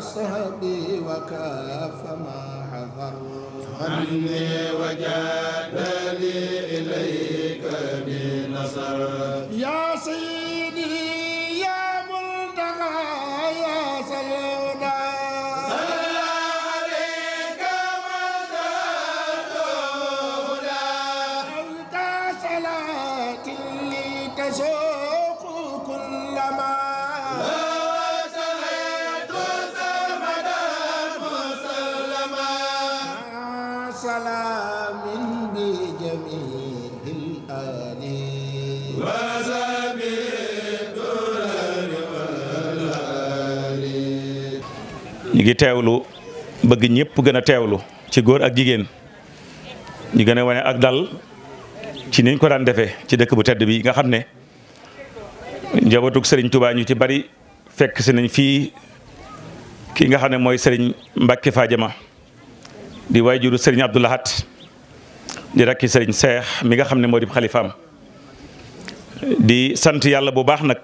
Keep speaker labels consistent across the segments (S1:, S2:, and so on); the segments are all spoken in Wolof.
S1: صحبي وكاف ما حضر
S2: عني وجاد لي إليك بنصر
S1: يا سيدي
S3: ñu ngi teewlu bëgg ñëpp gën a teewlu ci góor ak jigéen ñu gën a wane ak dal ci niñ ko daan defee ci dëkk bu tedd bi nga xam ne njabootug sëriñ Touba ñu ci bari fekk si nañ fii ki nga xam ne mooy sëriñ Mbacke Fadiama di waajuru sëriñ Abdou di rakki sëriñ Seex mi nga xam ne moo di xalifaam di sant yàlla bu baax nag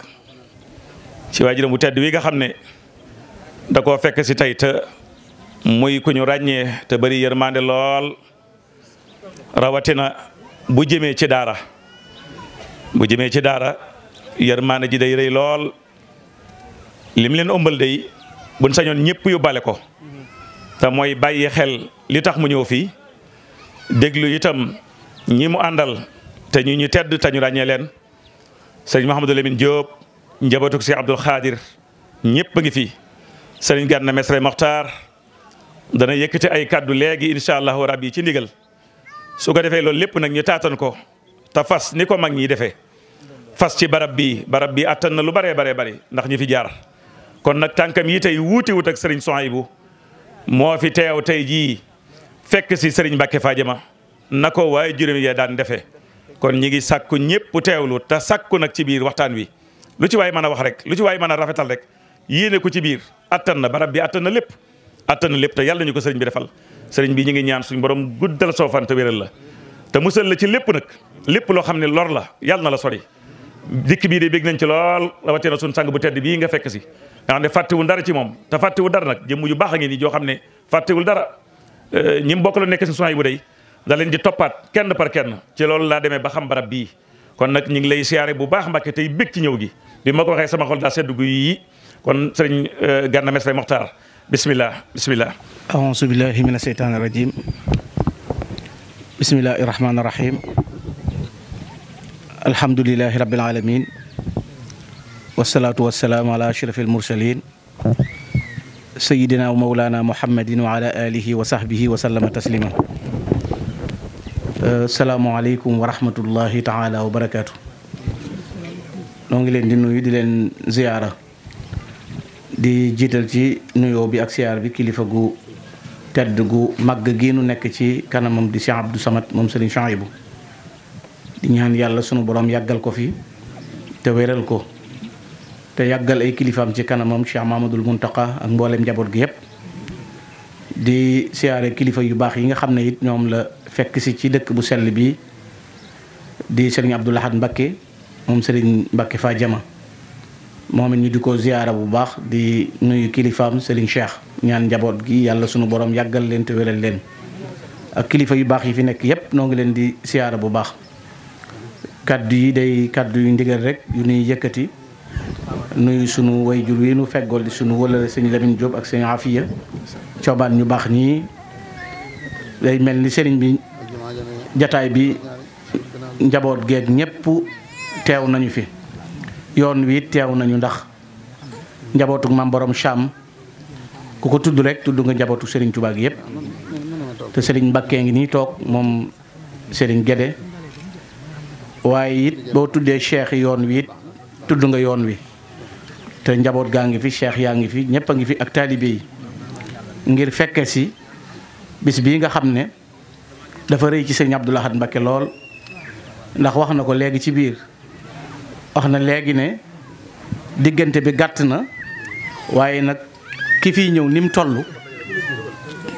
S3: ci waajuram bu tedd wi nga xam ne da koo fekk si tey te muy ku ñu ràññee te bari yërmande lool rawatina bu jëmee ci daara bu jëmee ci daara yërmande ji day rëy lool lim leen ëmbal day buñ sañoon ñëpp yu bale ko te mooy bàyyi xel li tax mu ñëw fii déglu itam ñi mu àndal te ñu ñu tedd tañu ràññee leen sëñ Mouhamadou Lamine Diop njabatuk si Abdoul xaadir ñëpp a ngi fii sëriñ Gana Messere Mokhtar dana yëkkati ay kàddu léegi incha allahu rabbi ci ndigal su ko defee loolu lépp nag ñu taatan ko te fas ni ko mag ñi defee fas ci barab bi barab bi attan na lu baree baree bari ndax ñu fi jaar kon nag tànkam yi tey wuuti wut ak sëriñ bu moo fi teew tey jii fekk si sëriñ Mbàkke ma na ko waaye juróom ya daan defee kon ñi ngi sàkku ñëpp teewlu te sàkku nag ci biir waxtaan wi lu ci waay mën a wax rek lu ci waay mën a rafetal rek yéene ko ci biir attan na barab bi attan na lépp attan lépp te yàlla ñu ko sëriñ bi defal sëriñ bi ñu ngi ñaan suñu borom guddal soofan te wéral la te musal la ci lépp nag lépp loo xam ne lor la yàll na la sori dikk bii de bég nañ ci lool na suñu sang bu tedd bii nga fekk si nga xam ne fàttewul dara ci moom te fàttewul dara nag jëmm yu baax a ngi nii joo xam ne fàttewul dara eh, ñi mbokk la nekk si soins bu day da leen di toppaat kenn par kenn ci loolu laa demee ba xam barab bii kon nag ñu ngi lay siyaare bu baax Mbàkke tey bég ñëw gi bi kon sëriñ euh, Gana Messere Mokhtar bismillah bismillah
S4: aouzu billahi mina sheytaani rajim bismillahi rahmaani rahim alhamdulilahi rabbil alamin wasalaatu wasalaamu ala ashrafil mursalin sayidina wa mawlana muhammadin wa ala alihi wa sahbihi wa sallama taslima euh, salaamaaleykum wa rahmatullahi taala wa barakaatu noo ngi leen di nuyu di leen ziyaara di jiital ci nuyoo bi ak siyaar bi kilifa gu tedd gu màgg gi nu nekk ci kanamam di Cheikh Abdou Samad moom Serigne Chouaïbou di ñaan yàlla sunu borom yàggal ko fi te wéral ko te yàggal ay kilifaam ci kanamam Cheikh Mamadul Muntaka ak mboolem njaboot gi yépp di siyaare kilifa yu baax yi nga xam ne it ñoom la fekk si ci dëkk bu sell bi di Serigne Abdoul Ahad moom Serigne Mbacké Fadiama moom it ñu di ko ziyaara bu baax di nuyu kilifaam Serigne Cheikh ñaan njaboot gi yàlla sunu borom yàggal leen te wéral leen ak kilifa yu baax yi fi nekk yépp noo ngi leen di siyaara bu baax kaddu yi day kàddu yu ndigal rek yu nuy yëkkati nuyu sunu wayjur wi nu feggool di sunu wëlale sëñ Lamine jóob ak sëñ Afiya coobaan ñu baax ñii day mel ni sëriñ bi jataay bi njaboot gee ñépp teew nañu fi yoon wi teew nañu ndax njabootuk maam borom Cham ku ko tudd rek tudd nga njabootu Serigne Touba yépp yëpp te Serigne Mbacké ngi nii toog moom sëriñ Guédé waaye it boo tuddee cheikh yoon wi tudd nga yoon wi te njaboot gaa ngi fi cheikh yaa ngi fi ñëpp a ngi fi ak taalibe yi ngir fekke si bis bii nga xam ne dafa rëy ci Serigne Abdoul Ahad lool ndax wax na ko léegi ci biir. wax na léegi ne diggante bi gàtt na waaye nag ki fiy ñëw ni mu toll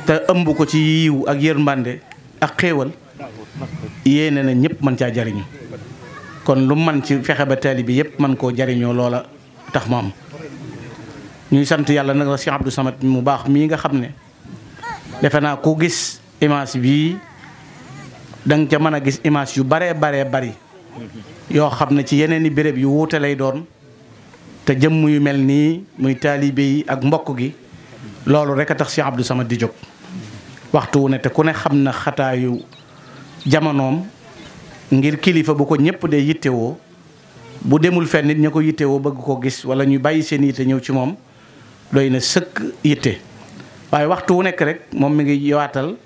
S4: te ëmb ko ci yiw ak yërmande ak xéewal yéene na ñëpp mën caa jariñ kon lu man ci fexe ba taali bi yëpp man koo jariñoo loola tax mu am ñuy sant yàlla nag la Cheikh Abdou mu baax mii nga xam ne defe naa ku gis image bii danga ca mën a gis image yu baree baree bari yoo xam na ci yeneen i béréb yu wuute lay doon te jëmm yu mel nii muy taalibe yi ak mbokk gi loolu rek a tax Cheikh Abdou Samad di jóg waxtu wu ne te ku ne xam na xataayu jamonoom ngir kilifa bu ko ñëpp dee yittewoo bu demul fen nit ña ko yittewoo bëgg ko gis wala ñu bàyyi seen yitte ñëw ci moom doy na sëkk yitte waaye waxtu wu nekk rekk moom mi ngi yaatal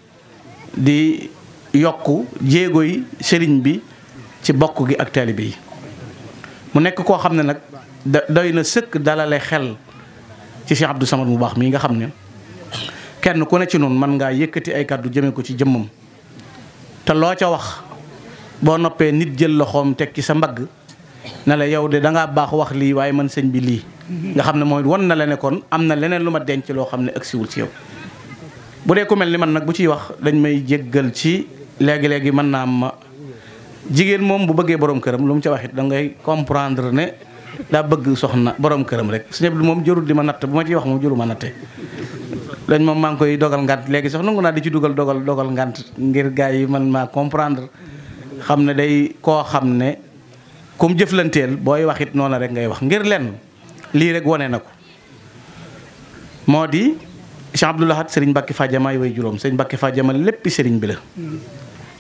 S4: di yokk jéego yi sëriñ bi ci bokk gi ak taalibe yi mu nekk koo xam ne nag doy na sëkk dalale xel ci Cheikh Abdou Samad mu baax mii nga xam ne kenn ku ne ci noonu man ngaa yëkkati ay kàddu jëme ko ci jëmmam te loo ca wax boo noppee nit jël loxoom teg ci sa mbagg na la yow de da ngaa baax wax lii waaye man sëñ bi lii nga xam ne mooy won na la nekkoon am na leneen lu ma denc loo xam ne agsiwul ci yow bu dee ku mel ni man nag bu ciy wax dañ may jéggal ci léegi-léegi mën naa ma jigéen moom bu bëggee boroom këram lu mu ca waxit da ngay comprendre ne daa bëgg soxna boroom këram rek sëñ bi moom jërul di ma natt bu ma ciy wax moom jëru ma natte lañ moom maa koy dogal ngant léegi sax nangu naa di ci dugal dogal dogal ngant ngir gars yi man maa comprendre xam ne day koo xam ne comme jëflanteel booy waxit noonu rek ngay wax ngir lenn lii rek wane na ko moo di Cheikh Abdou Lahad sëriñ Mbàkke Fadiama yooyu juróom sëriñ Mbàkke Fadiama léppi sëriñ bi la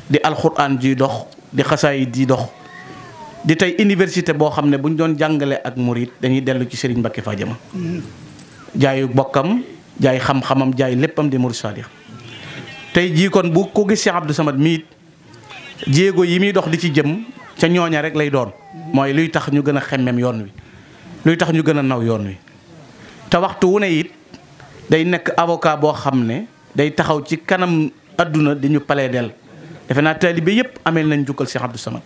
S4: di alxuraan ji dox di xasaayit di dox di tey université boo xam ne bu ñu doon jàngale ak murit dañuy dellu ci Serigne Mbacké Fadiama jaayu bokkam jaay xam-xamam jaay léppam di murit tey jii kon bu ko gis Cheikh Abdou Samad miit jéego yi muy dox di ci jëm ca ñooña rek lay doon mooy luy tax ñu gën a xemmem yoon wi luy tax ñu gën a naw yoon wi te waxtu wu ne it day nekk avocat boo xam ne day taxaw ci kanam àdduna di ñu palee del defe naa taalibe yëpp amee nañ jukkal Cheikh Abdou Samad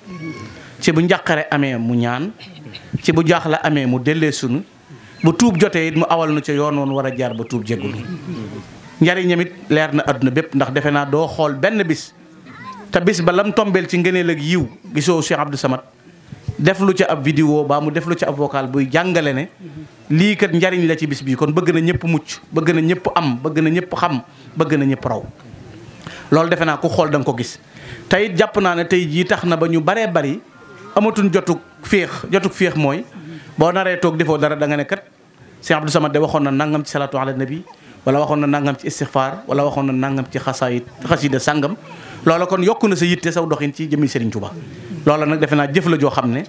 S4: ci bu njàqare amee mu ñaan ci bu jaaxle amee mu dellee sunu bu tuub jotee it mu awal na ca yoon woon war a jaar ba tuub jéggulu njariñam it leer na àdduna bépp ndax defe naa doo xool benn bis te bis ba lam tombeel ci ngëneel ak yiw gisoo Cheikh Abdou samat def lu ca ab vidéo baa mu def lu ca ab vocal buy jàngale ne lii kat njariñ la ci bis bii kon bëgg na ñëpp mucc bëgg na ñëpp am bëgg na ñëpp xam bëgg na ñëpp raw loolu defe naa ku xool danga ko gis tey it jàpp naa ne tey jii tax na ba ñu baree bari amatuñ jotug féex jotug féex mooy boo naree toog defoo dara da nga ne kat Sëñ Abdou Samad de waxoon na nangam ci salatu ala nabi wala waxoon na nangam ci istixfaar wala waxoon na nangam ci xasaayit xasida sàngam loola kon yokku na sa yitte saw doxin ci jëmmi Serigne ba loola nag defe naa jëf la joo xam ne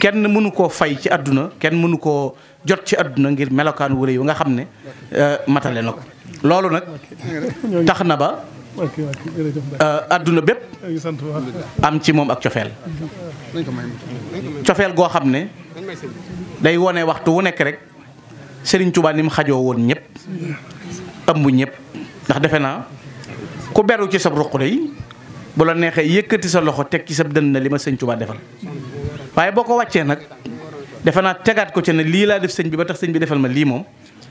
S4: kenn mënu koo fay ci àdduna kenn mënu koo jot ci àdduna ngir melokaan wu nga xam ne euh, matale na ko loolu nag tax na ba Euh, adduna bépp am ci moom ak cofeel cofeel goo xam ne day wone waxtu wu nekk rek sëriñ Touba ni mu xajoo woon ñëpp ëmb ñëpp ndax defe naa ku beru ci sab ruq yi bu la neexee yëkkati sa loxo teg ci sab dënn na li ma sëñ Touba defal waaye boo ko wàccee nag defe naa tegaat ko ci ne lii laa def sëñ bi ba tax sëñ bi defal ma lii moom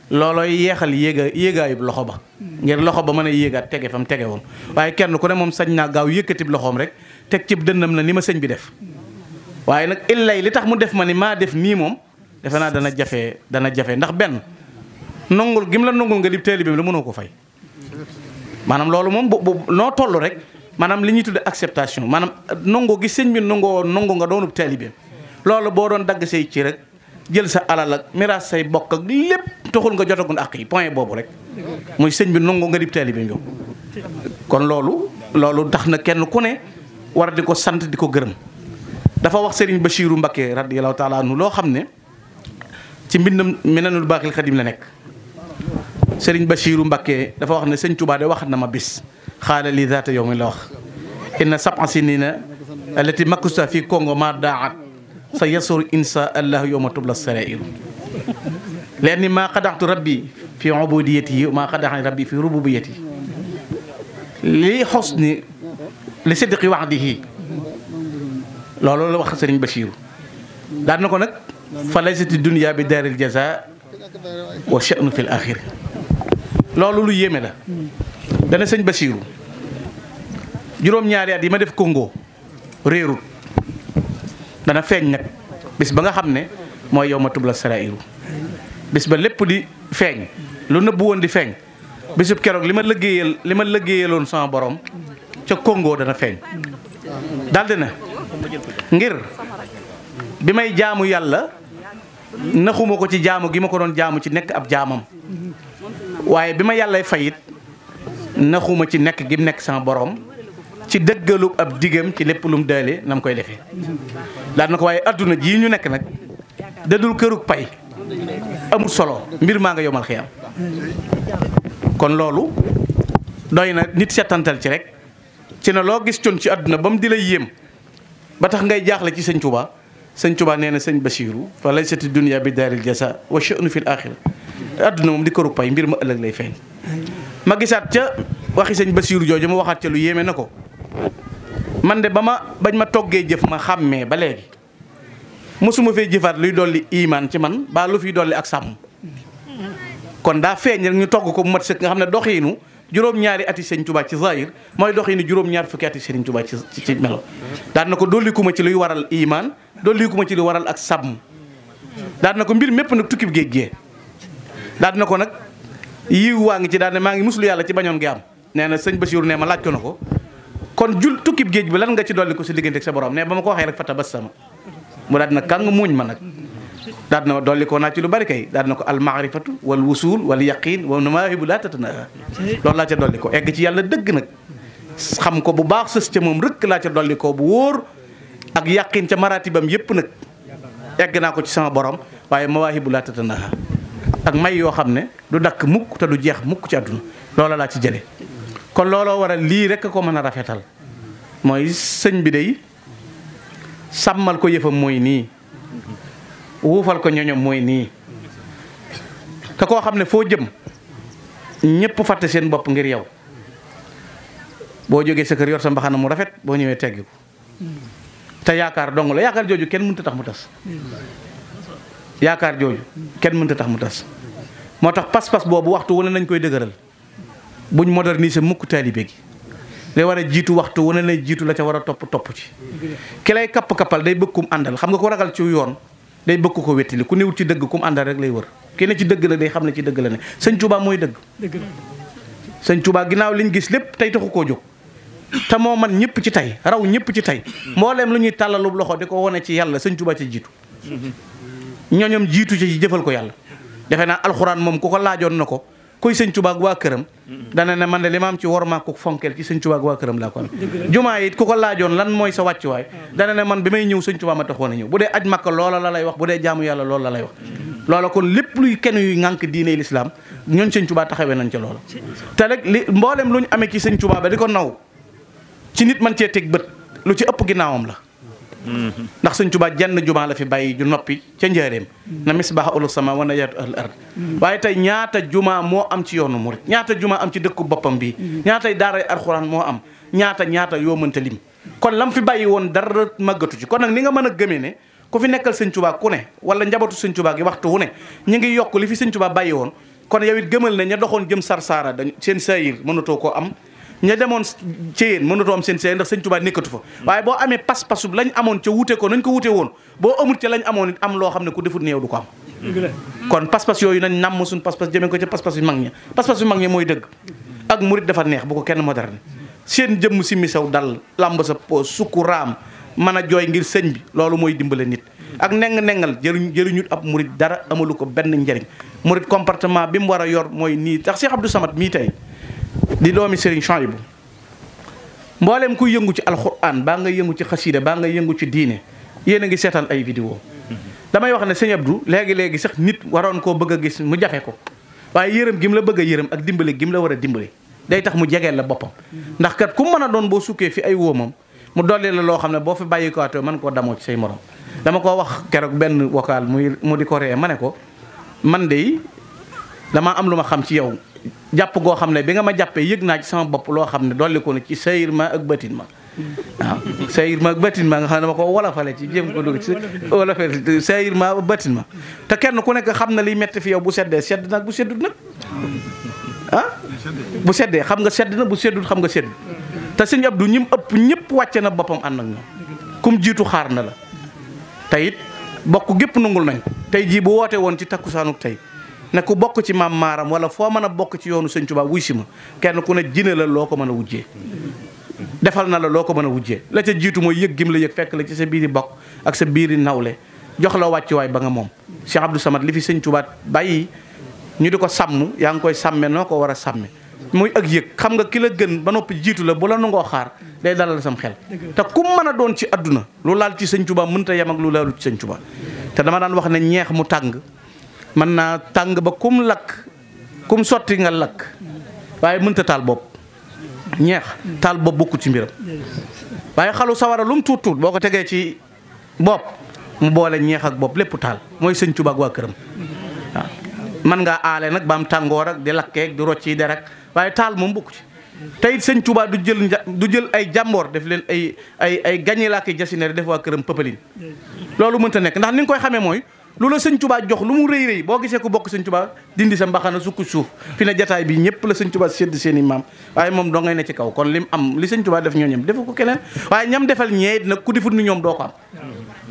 S4: loolooy yeexal yéega yéegaayub loxo ba ngir loxo ba mën a yéegaat tege fa mu tege woon waaye kenn ku ne moom sañ naa gaaw yëkkatib loxoom rek teg cib dënnam na ni ma sëñ bi def waaye nag illay li tax mu def ma ni maa def nii moom defe naa dana jafe dana jafe ndax benn nongul mu la nongul nga dib taalibeem la mënoo ko fay maanaam loolu moom bu noo toll rek maanaam li ñuy tudde acceptation maanaam nongo gi sëñ bi nongoo nongo nga doonub taalibeem loolu boo doon dagg say ci rek jël sa alal ak miraas say bokk ak lépp taxul nga jotagul àq yi point boobu rek muy sëñ bi nangu nga dib taalibe bi kon loolu loolu tax na kenn ku ne war di ko sant di ko gërëm dafa wax Serigne Bachirou Mbacké radiyallahu taala loo xam ne ci mbindam Minanul Baaxil Xadim la nekk Serigne Bachirou Mbacké dafa wax ne sëñ Touba de na ma bis xaala li zaata yow mi la wax inna sab'a sinina allati makusta fi Congo ma daat sa yasur insa allah yowma tubla sarairu lenni maa xadaxtu rabbi fi ubudiyati maa xadaxani rabbi fi rububiyati li xosni li sidqi waxdihi loolu la wax sëriñ Bachir daan na ko nag fa laysati dunya bi daaril jaza wa sha'nu fil axir loolu lu yéeme la dana sëñ Bachir juróom-ñaari at yi ma def Congo réerut dana feeñ nag bis ba nga xam ne mooy yow ma tubla sarairu bis ba lépp di feeñ lu nëbbu woon di feeñ bisub keroog li ma liggéeyal li ma liggéeyaloon sama borom ca Congo dana feeñ
S2: daldi na ngir
S4: bi may jaamu yàlla naxuma ko ci jaamu gi ma ko doon jaamu ci nekk ab jaamam waaye bi ma yàllay fayit naxuma ci nekk gi nekk sama boroom ci dëggalu ab digam ci lépp lu mu daale na mu koy defee daal na ko waaye àdduna ji ñu nekk nag dadul kërug pay amul solo mbir maa nga yomal xiyam kon loolu doy nag nit setantal ci rek ci ne loo gis con ci àdduna ba mu di lay yéem ba tax ngay jaaxle ci sëñ Tuubaa sëñ Tuubaa nee na sëñ Basiiru fa laysati dunya bi daaril jasa wa sha'nu fil axira adduna moom di kërug pay mbir ma ëllëg lay feeñ ma gisaat ca waxi sëñ Basiiru jooju mu waxaat ca lu yéeme na ko man de ba ma bañ ma toggee jëf ma xàmmee ba léegi mosuma fee jëfaat luy dolli imaan ci man baa lu fiy dolli ak sàmm kon daa feeñ rek ñu togg ko mu mat sëkk nga xam ne doxiinu juróom-ñaari ati Sëriñ Tuubaa ci zahir mooy doxiinu juróom-ñaar fukki ati Sëriñ Tuubaa ci ci melo daan na ko dolliku ci luy waral imaan dolliku ma ci luy waral ak sàmm daan na ko mbir mépp nag tukkib géej gee daan na ko nag yiw waa ngi ci daan ne maa ngi muslu yàlla ci bañoon gi am nee na sëñ Basiiru ne ma laaj ko na ko kon jul tukkib géej bi lan nga ci dolli ko si diggante ak sa borom ne ba ma ko waxee rek fata bas sama mu daal na kàng muuñ ma nag daal na dolli koo naa ci lu bari kay daal na ko almaarifatu wal wusul wal yaqin wa nawaahibu laa tatanaa loolu laa ca dolli ko egg ci yàlla dëgg nag xam ko bu baax sës ca moom rëkk laa ca dolli ko bu wóor ak yaqin ca maratibam yëpp nag egg naa ko ci sama borom waaye mawaahibu laa tatanaa may yoo xam ne du dakk mukk te du jeex mukk ci àdduna loola laa ci jële kon looloo waral lii rek ko mën a rafetal mooy sëñ bi day sàmmal ko yëfam mooy nii wuufal ko ñoñom mooy nii te koo xam ne foo jëm ñëpp fàtte seen bopp ngir yow boo jógee sa kër yor sa mbaxana mu rafet boo ñëwee teggi te yaakaar dong la yaakaar jooju kenn mënta tax mu tas yaakaar jooju kenn mënta tax mu tas moo tax pas-pas boobu waxtu wane nañ koy dëgëral buñ moderniser mukk taalibe gi day war a jiitu waxtu wane lay jiitu la ca war a topp topp ci ki lay kapp-kappal day bëgg kum àndal xam nga ko ragal ci yoon day bëgg ko wettili ku newut ci dëgg kum àndal rek lay wër ki ne ci dëgg na day xam ne ci dëgg la ne sëñ Tuubaa mooy dëgg sëñ Tuubaa ginnaaw liñ gis lépp tey taxu koo jóg te moo man ñëpp ci tey raw ñëpp ci tey mbooleem lu ñuy tàllalu loxo di ko wane ci yàlla sëñ Tuubaa ci jiitu mm-hmm. ñoñom jiitu ci jëfal ko yàlla defe naa alxuraan moom ku laajoon na ko koy sëñ Tuubaa waa këram dana ne man de li ma am ci war maa ko fonkeel ci sëñ Tuubaa ak waa këram laa ko am jumaa it ku ko laajoon lan mooy sa waay dana ne man bi may ñëw sëñ Tuubaa ma taxoon a ñëw bu dee aj makka loola la lay wax bu dee jaamu yàlla loola la lay wax loola kon lépp luy kenn yuy ŋànk diine lislaam ñooñ sëñ Tuubaa taxawee nañ ca loola te rek li mboolem lu ñu amee ci sëñ Tuubaa ba di ko naw ci nit man cee teg bët lu ci ëpp ginnaawam la
S2: ndax
S4: sëñ Tuubaa jenn jumaa la fi bàyyi ju noppi ca njaareem na misbaax ulu sama wana yaatu al ard waaye tey ñaata jumaa moo am ci yoonu murit ñaata jumaa am ci dëkku boppam bi ñaatay daaray alxuraan moo am ñaata ñaata yoo mënta lim kon lam fi bàyyi woon dara màggatu ci kon nag ni nga mën a gëmee ne ku fi nekkal sëñ Tuubaa ku ne wala njabootu sëñ Tuubaa gi waxtu wu ne ñu ngi yokk li fi sëñ Tuubaa bàyyi woon kon yow it gëmal ne ña doxoon jëm sar saara dañ seen sayir mënatoo koo am ña demoon ca yéen mënatoo am seen seen ndax sëñ Tuubaa nekkatu fa waaye boo amee pas-pasu lañ amoon ca wute ko nañ ko wute woon boo amul ca lañ amoon it am loo xam ne ku defut néew du ko am kon pas-pas yooyu nañ nàmm suñ pas-pas jëmee ko ca pas-pas yu mag ña pas-pas yu mag mooy dëgg ak murit dafa neex bu ko kenn moderne seen jëmm si misaw dal làmb sa po sukku raam mën a jooy ngir sëñ bi loolu mooy dimbale nit ak neng-nengal jëriñ jëriñut ab murit dara amalu ko benn njëriñ murit comportement bi mu war a yor mooy nii tax Cheikh Abdou mii tey di doomi Serigne Chouaïbou mboolem kuy yëngu ci alxuraan baa nga yëngu ci xasiida baa nga yëngu ci diine yéen a ngi seetaan ay vidéo damay wax ne sëñ du léegi léegi sax nit waroon koo bëgg a gis mu jafe ko waaye yërëm mu la bëgg a yërëm ak dimbale gim la war a dimbali day tax mu jegeel la boppam. ndax kat ku mën a doon boo sukkee fi ay woomam mu dolli la loo xam ne boo fi bàyyi ko atoo koo damoo ci say morom dama koo wax keroog benn vocal muy mu di ko ree ma ne ko man de damaa am lu ma xam ci yow. jàpp goo xam ne bi nga ma jàppee yëg naa ci sama bopp loo xam ne dolli ko na ci sayir ma ak bëtin ma waaw sayir ma ak bëtin ma xam ne dama ko wolofale ci jéem ci wolofale sayir ma ma te kenn ku nekk xam na liy metti fi yow bu seddee sedd nag bu seddut nag ah bu seddee xam nga sedd na bu seddut xam nga seddut te sëñ Abdou ñim ëpp ñëpp wàcce na boppam ànd ak ñoom kum jiitu xaar na la te bokk gépp nungul nañ tey jii bu woote woon ci takkusaanuk tey ne ku bokk ci maam maaram wala foo mën a bokk ci yoonu sëñ Tuubaa wuy si ma kenn ku ne jine la loo ko mën a wujjee defal na la loo ko mën a wujjee la ca jiitu mooy yëg gim la yëg fekk la ci sa biiri bokk ak sa biiri nawle jox la wàccuwaay ba nga moom Cheikh Abdou sama li fi sëñ Tuubaa bàyyi ñu di ko sàmm yaa ngi koy sàmme noo ko war a sàmme muy ak yëg xam nga ki la gën ba noppi jiitu la bu la nangoo xaar day dalal sam xel te ku mën a doon ci adduna lu laal ci sëñ Tuubaa mënta yem ak lu laalu ci te dama daan wax ne ñeex mu tàng mën naa tàng ba kum lakk kum sotti nga lakk waaye mënta taal bopp ñeex taal bopp bokkut ci mbiram waaye xalu sawara lu tuut tuut boo ko tegee ci bopp mu boole ñeex ak bopp lépp taal mooy sëñ Tuubaa ak waa këram waaw man ngaa aale nag ba am tàngoor ak di lakkeeg di rocc yi der waaye taal moom bokku ci tey sëñ Tuubaa du jël du jël ay jàmboor def leen ay ay ay gañe laa koy jasineer def waa këram pëpalin loolu mënta nekk ndax ni koy xamee mooy lu la sëñ tubaa jox lu mu rëy rëy boo gisee ku bokk sëñ tubaa dindi sa mbaxana sukku suuf fi ne jataay bi ñëpp la sëñ tubaa sédd seen i maam waaye moom doo ngay ne ci kaw kon lim am li sëñ tubaa def ñoo ñem defu ko keneen waaye ñam defal ñeet nag ku defut ni ñoom doo ko am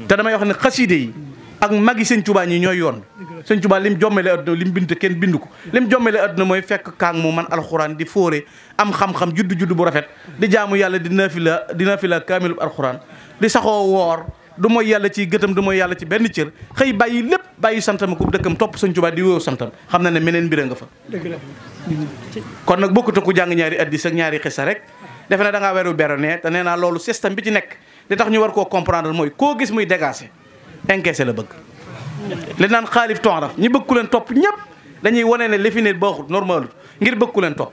S4: te damay wax ne xaside yi ak magi sëñ tubaa ñi ñooy yoon sëñ tubaa lim jommele adduna lim bind kenn bind ko lim jommele adduna mooy fekk kaang mu man alxuraan di fóore am xam-xam judd judd bu rafet di jaamu yàlla di nafila di nafila kaamilu alxuraan di saxoo woor du mooy yàlla ci gëtam du mooy yàlla ci benn cër xëy bàyyi lépp bàyyi santam ku dëkkam topp sañ Tuubaa di woow santam xam na ne meneen mbir nga fa kon nag bokkut ku jàng ñaari hadiis ak ñaari xisa rek defe na danga ngaa weeru bero ne te nee naa loolu système bi ci nekk li tax ñu war koo comprendre mooy koo gis muy dégagé encaissé la bëgg li naan xaalif tonraf ñi bëgg leen topp ñëpp dañuy wane ne li fi ne baaxut normalut ngir bëgg leen topp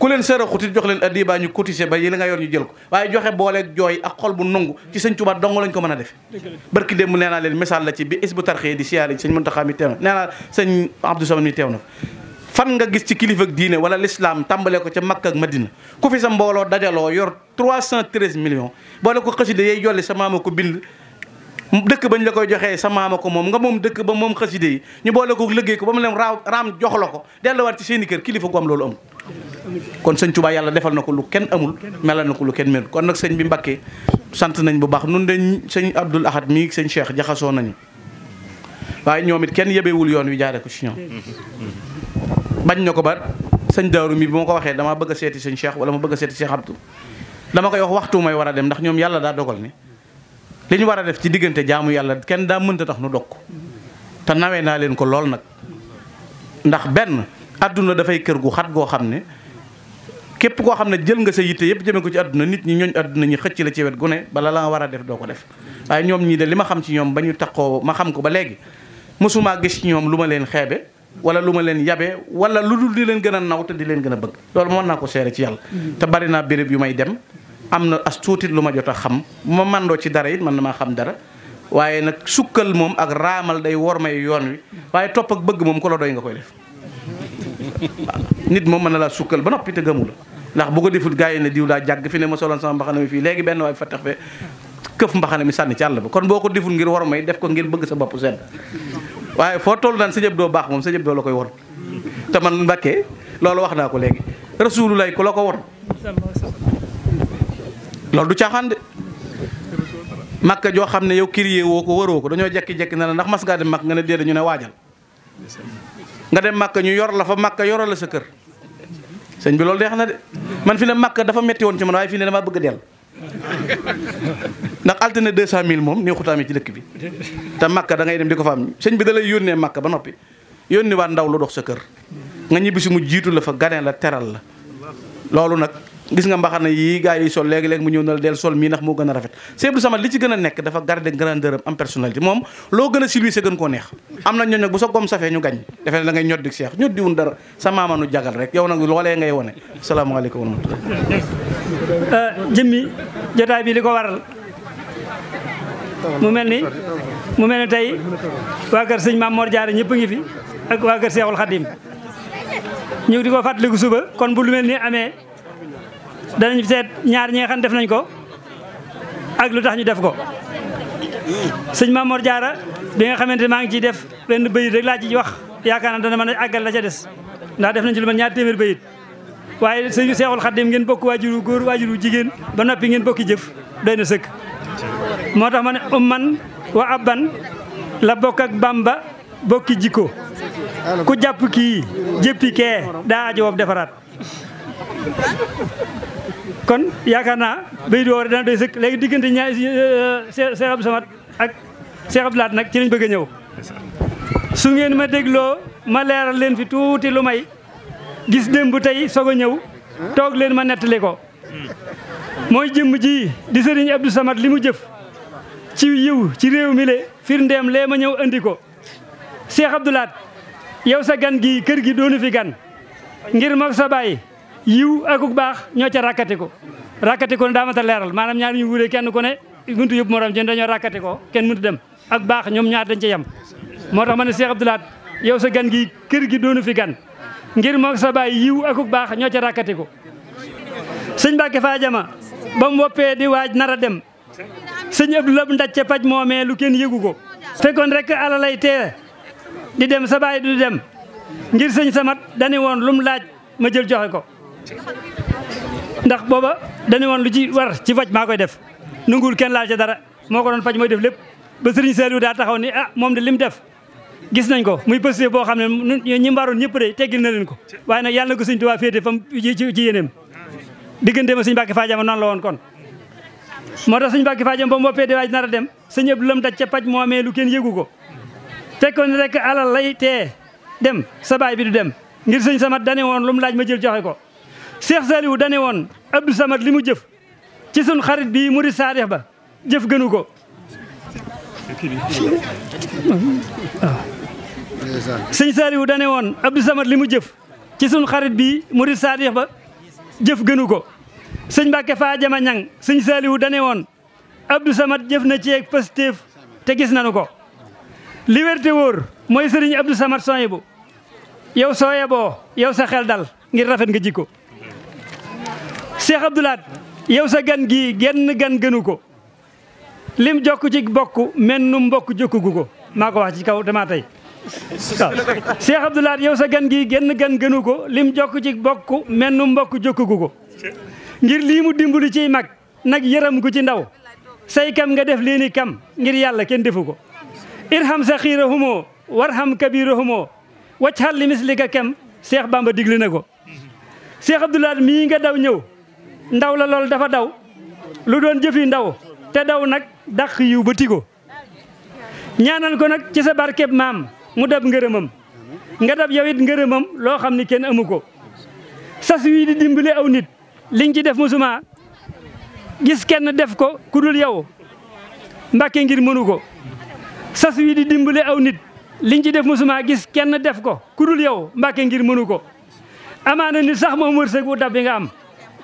S4: ku leen saraxutit jox leen addi baa ñu cotisé ba yi la nga yor ñu jël ko waaye joxe booleeg jooy ak xol bu nungu ci sëñ Tuubaa dong lañ ko mën a def barki démb nee naa leen misaal la ci bi is bu tarxee di siyaare ji sëñ Muntaxa mi teew teew na fan nga gis ci kilifa ak diine wala l'islam tàmbale ko ca Makka ak Madina ku fi sa mbooloo dajaloo yor cent 313 million boole ko xasida yay jolli sa maama ko bind dëkk bañ la koy joxee sa maama ko moom nga moom dëkk ba moom xaside yi ñu boole ko liggéey ko ba mu leen raaw raam jox la ko delluwaat ci seen kër kilifa gu am loolu amul kon sëñ Tuubaa yàlla defal na ko lu kenn amul melal na ko lu kenn mel kon nag sëñ bi Mbàkke sant nañ bu baax nun dañ sëñ Abdul Ahad mii sëñ Cheikh jaxasoo nañu waaye ñoom it kenn yebewul yoon wi jaare ko ci na ko ba sëñ Daaru mi bi ma ko waxee damaa bëgg a seeti sëñ Cheikh wala ma bëgg a seeti Cheikh Abdou dama koy wax waxtu may war a dem ndax ñoom yàlla daa dogal ne li ñu war a def ci diggante jaamu yàlla kenn daa mënta tax nu dog te nawee naa leen ko lool nag ndax benn àdduna dafay kër gu xat goo xam ne képp koo xam ne jël nga sa yitte yëpp jëmee ko ci àdduna nit ñi ñooñ àdduna ñi xëcc la ci wet gu ne bala la war a def doo ko def waaye ñoom ñii de li ma xam ci ñoom ba ñu taxoo ma xam ko ba léegi mësumaa gis ci ñoom lu ma leen xeebe wala lu ma leen yabe wala lu dul di leen gën a naw te di leen gën a bëgg loolu mën naa ko seere ci yàlla te bari naa béréb yu may dem am na as tuuti lu ma jot a xam ma mandoo ci dara it man na maa xam dara waaye nag sukkal moom ak raamal day wor may yoon wi waaye topp ak bëgg moom ku la doy nga koy def nit moom mën na laa sukkal ba noppi te gëmu la ndax bu ko deful gars yi ne diw laa jàgg fi ne ma soloon sama mbaxana mi fii léegi benn waay fattax fe këf mbaxana mi sànni ci àll ba kon boo ko deful ngir wor may def ko ngir bëgg sa bopp sedd waaye foo toll daan sa jëb doo baax moom sa jëb doo la koy wor te man Mbàkke loolu wax naa ko léegi rasulullah ku la ko wor loolu du caaxaan de makka joo xam ne yow kiriyee woo ko waroo ko dañoo jekki-jekki na la ndax mas ngaa dem makka nga ne dee ñu ne waajal nga dem makka ñu yor la fa makka yoral la sa kër sëñ bi loolu neex na de man fi ne makka dafa metti woon ci man waaye fii ne damaa bëgg a dell ndax altine 200000 moom nii xutaamee ci lëkk bi te makka da ngay dem di ko fa am sëñ bi da yónnee makka ba noppi yónni ndaw lu dox sa kër nga ñibbisi mu jiitu la fa ganee teral la loolu nag. gis nga mbaxana yii gaa yi sol léegi-léegi mu ñëw na la del sol mii ndax moo gën a rafet Seydou Samad li ci gën a nekk dafa garder grandeur am am personnalité moom loo gën a silwi sa gën koo neex am na ñooñ bu sa gom safee ñu gañ defe ne da ngay ñod di seex ñod di wun dara sa maama nu rek yow nag loolee ngay wone salaamaaleykum wa rahmatulah euh, jëmmi jotaay bi
S5: li ko waral mu mel ni
S4: mu mel ni tey
S5: waa kër sëñ Maam Mor ñëpp ngi fi ak waa kër Seexul Xadim ñëw di ko fàttaliku suba kon bu danañ seet ñaar ñi nga xam def nañ ko ak lu tax ñu def ko sëñ Mamour jaara bi nga xamante ne maa ngi ciy def benn bayit rek laa ci wax yaakaar naa dana mën a àggal la ca des ndax def nañ ci lu man ñaar téeméer bayit waaye sëñ Seexul Xaddim ngeen bokk waajuru góor waajuru jigéen ba noppi ngeen bokki jëf doy na sëkk moo tax ma ne man wa abban la bokk ak Bamba bokki jikko ku jàpp kii jëppi kee daa ajo defaraat kon yaakaar naa bay di woor dana doy sëkk léegi diggante ñaar euh, Cheikh Abdou Samad ak Cheikh Abdou nag ci lañ bëgg a ñëw su ngeen ma dégloo ma leeral leen fi tuuti lu may gis démb tey soog a ñëw toog leen ma nettali ko mooy jëmm ji di sëriñ Abdou li mu jëf ci yiw ci réew mi le firndeem lee ma ñëw andi ko Cheikh Abdou yow sa gan gi kër gi doonu fi gan ngir mag sa baay yiw ak akuk baax ñoo ca rakkati ko rakkati ko ne daa mat a leeral maanaam ñaar ñu wuuree kenn ku ne buntu yëpp morom ci dañoo rakkati ko kenn mënut dem ak baax ñoom ñaar dañ ca yem moo tax ma ne seex Abdoulaat yow sa gan gi kër gi doonu fi gan ngir moog sa baay yiw akuk baax ñoo ca rakkati ko sëñ Mbàkke Faajama ba mu woppee di waaj nar a dem sëñ Abdou Lab ndaj ca paj moomee lu kenn yëgu ko fekkoon rek ala lay tee di dem sa baay du dem ngir sëñ Samat dañu woon lum laaj ma jël joxe ko ndax booba dañu woon lu ci war ci faj maa koy def nanguwul kenn laal ca dara moo ko doon faj mooy def lépp ba sëriñ Saliou daa taxaw ni ah moom de lim def gis nañ ko muy positif boo xam ne ñi mbaroon ñëpp de teggil na leen ko waaye nag yàlla na ko sëñ Tuubaa féete fam ci ci yéeneem diggante ma sëñ Mbàkke Fadiama noonu la woon kon moo tax sëñ Mbàkke Fadiama ba mu boppee di waaj nar a dem sëñ Abdou Lam daj ca paj moomee lu kenn yëgu ko ko fekkoon rek alal lay tee dem sa baay bi du dem ngir sëñ Samat dane woon lu mu laaj ma jël joxe ko Cheikh Saliou dane woon Abdou Samad li mu jëf ci sun xarit bii murid saadix ba jëf gënu ko waaw sëñ Saliou dane woon Abdou Samad li mu jëf ci suñ xarit bii murid saadix ba jëf gënu ko sëñ Mbàkke faa jama ñang sëñ Saliou dane woon Abdou Samad jëf na ci ak te gis nañu ko li wér mooy sëriñ Abdou Samad sooye bu yow sooye boo yow sa xel dal ngir rafet nga jikko Cheikh Abdoulaat yow sa gan gii genn gan gënu ko lim jokk ci bokk mennum mbokk jokkugu ko maa ko wax ci kaw damaa tey waaw Cheikh yow sa gan gii genn gan gënu ko lim jokk ci bokk mennum mbokk jokkugu ko ngir lii mu dimbali ciy mag nag yërëm ko ci ndaw say kam nga def leeni kam ngir yàlla kenn defu ko irham saxiirahumoo warham kabirahumoo wacc xal li mislika kam Cheikh Bamba digli na ko Cheikh Abdoulaat mii nga daw ñëw ndaw la loolu dafa daw lu doon jëfi ndaw te daw nag dàq yiw ba tigo ñaanal ko nag ci sa barkeb maam mu dab ngërëmam nga dab yow it ngërëmam loo xam ni kenn amu ko sas wii di dimbale aw nit liñ ci def musuma gis kenn def ko ku dul yow mbàkke ngir mënu ko sas wii di dimbale aw nit liñ ci def musuma gis kenn def ko ku dul yow mbàkke ngir mënu ko amaana nit sax moom wërsëg wu dab bi nga am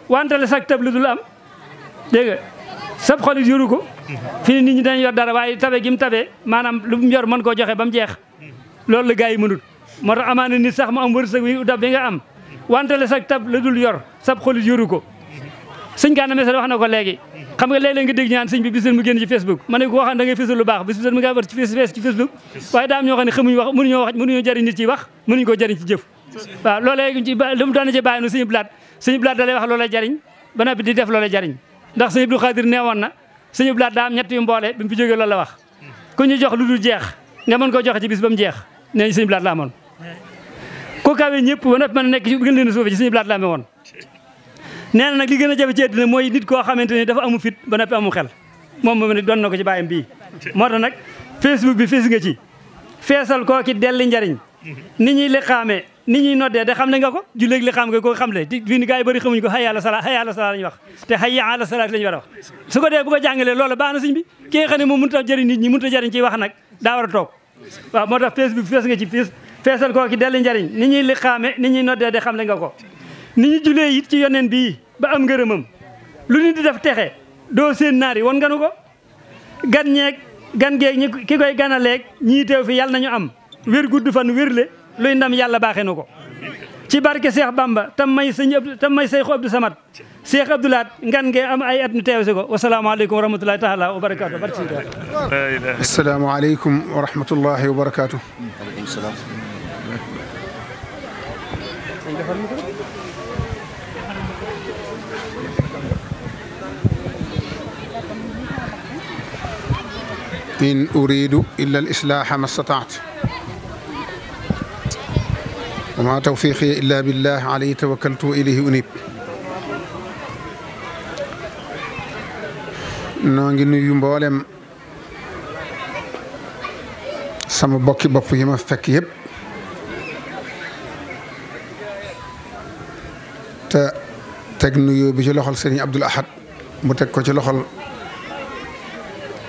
S5: wante la sag tab la dul am dégg nga sab xolit yuru ko mhm. fi ni nit ñi dañ yor dara waaye tabe gi mu tabe maanaam lu mu yor mën koo joxe ba mu jeex mhm. loolu la gars yi mënut moo tax amaana nit sax mu am wërsëg wi dab bi nga am mhm. wante la sag tab lu dul yor sab xolit yuru ko sëñ Gana Messere wax na ko léegi xam nga léeg nga dégg ñaan sëñ bi bis mu génn ci Facebook ma ne ko waxaan ngay fésal lu baax bis mu ngaa war ci Facebook waaye daam ñoo xam ne wax mënuñoo wax sëñ Abdou Lahad da lay wax loola jariñ ba noppi di def loola jariñ ndax sëñ Abdou Khadir na sëñ daa am ñett yu mboole bi mu fi jógee la wax ku ñu jox lu dul jeex nga mën koo joxe ci bis ba mu jeex nee nañ sëñ Abdou Lahad la amoon ñëpp ba noppi mën nekk ci a suufe ci sëñ Abdou Lahad la amee woon nee na nag li gën a jafe ci àddina mooy nit koo xamante ni dafa amu fit ba noppi amu xel moom moom ne doon na ko ci bàyyam bii moo tax nag facebook bi fees nga ci feesal koo ki delli njariñ ni ñuy liqaamee nit ñuy noddee de xam ne nga ko julleeg li xam nga ko xam le di fii ni gars yi bëri xamuñ ko hayya ala salaa hayya wax te hayya ala salaa la a wax su ko dee bu ko jàngalee loolu baax na sëñ bi ki nga xam ne moom mënut a jëriñ nit ñi mënut a jëriñ ciy wax nag daa war a toog waaw moo tax fees bi nga ci fees feesal koo ki delli njëriñ nit ñuy li xaame nit ñuy noddee de xam ne nga ko nit ñi julee it ci yoneen bii ba am ngërëmam lu nit di def texe doo seen naar yi won nga nu ko gan ñeeg gan geeg ñi ki koy ganaleeg ñii teew fi yàlla nañu am wér gudd fan wér le luy ndam yàlla baaxee na ko ci barke Cheikh Bamba tam may sëñ Abdou tam may Cheikh Abdou Samad ngan ngee am ay at ñu teew si ko wasalaamaaleykum taala wa
S1: in uridu illa al ma stataat wa maa tawfiiqi illaa billah alayhi tawakkaltu wa ilayhi unib noo ngi nuyu mboolem sama bokki bopp yi fekk yëpp te teg nuyoo bi ci loxol sëriñ Abdul Ahad mu teg ko ci loxol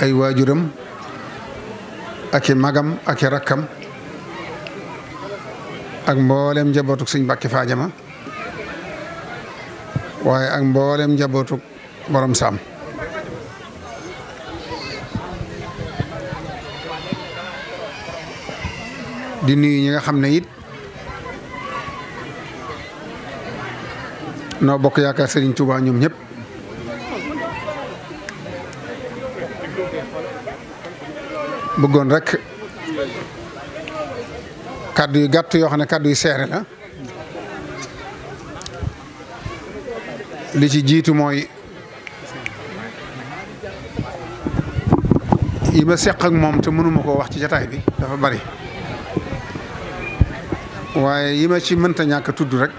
S1: ay waajuram ak i magam ak rakkam ak mboolem njabootuk sëñ Mbàkke Faajama waaye ak mboolem njabootuk boroom saam di nuyu ñi nga xam ne it noo bokk yaakaar Serigne Touba ñoom ñëpp bëggoon rekk kàddu yu gàtt yoo xam ne kàddu yu seere la li ci jiitu mooy yi ma seq ak moom te mënuma koo wax ci jataay bi dafa bari waaye yi ma ci mënta ñàkk tudd rek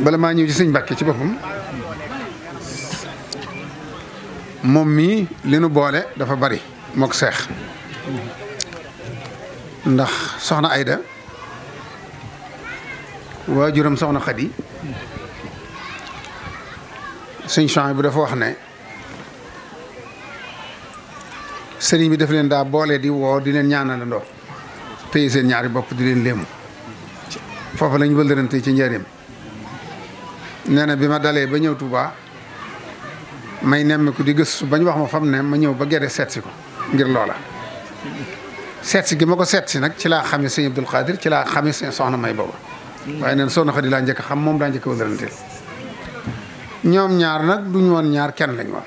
S1: bala maa ñëw ci sëñ Mbàkke ci boppam moom mii li nu boole dafa bari mook seex ndax soxna Ayda waajuram soxna Xadi sëñ Chouaib bu dafa wax ne sëriñ bi daf leen daa boolee di woo di leen ñaanalandoo téye seen ñaari bopp di leen léemu foofu lañ wëlërante ci njëriñ nee na bi ma dalee ba ñëw Touba may nemmiku di gëstu bañ wax ma fam ne ma ñëw ba gere seet ko ngir loola seetsi gi ma ko seetsi si nag ci laa xamee sëñ Abdul Xaadir ci laa xamee sëñ soxna May booba waaye neen soxna Xadi laa njëkk xam moom laa njëkk wëlëranteel ñoom ñaar nag duñu woon ñaar kenn lañ woon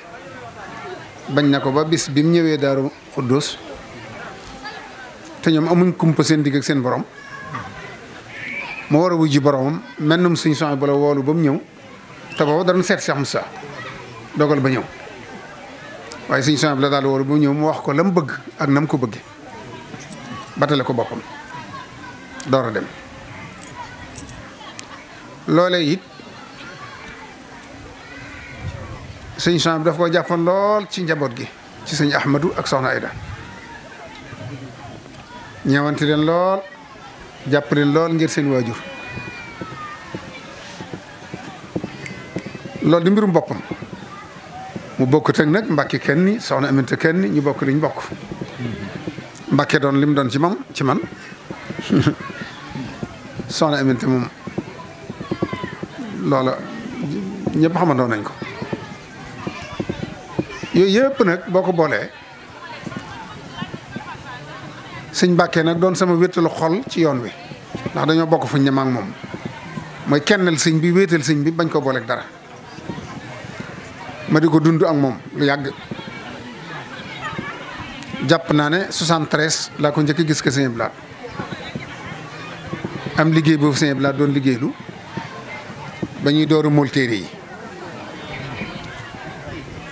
S1: bañ na ko ba bis bi mu ñëwee daaru Xuddoos te ñoom amuñ kumpa seen digg seen borom mu war a wujji boromam mennum suñ soxna bala woolu ba mu ñëw te booba dañu seet Cheikh Moussa dogal ba ñëw waaye suñ soxna bi la daal woolu ba mu ñëw mu wax ko la mu bëgg ak na mu ko bëggee batale ko boppam door a dem loole it sëñ Sam bi daf ko jàppoon lool ci njaboot gi ci sëñ Ahmadou ak soxna Ayda ñeewante leen lool jàpp leen lool ngir seen waajur loolu di mbirum boppam mu bokk teg nag mbakki kenn ni soxna aminte kenn ni ñu bokk liñ bokk mbakke doon lim doon ci mam ci man soxna Aminta moom loola ñëpp xamandoon nañ ko yooyu yëpp nag boo ko boolee sëñ Mbàkke nag doon sama wéttalu xol ci yoon wi ndax dañoo bokk fuñ ne moom mooy kennal sëñ bi wéetal sëñ bi bañ koo booleeg dara ma di ko dund ak moom lu yàgg jàpp naa ne 73 laa ko njëkk gis ko sëñ Ablaat am liggéey boobu sëñ laa doon liggéeylu ba ñuy dooru mool yi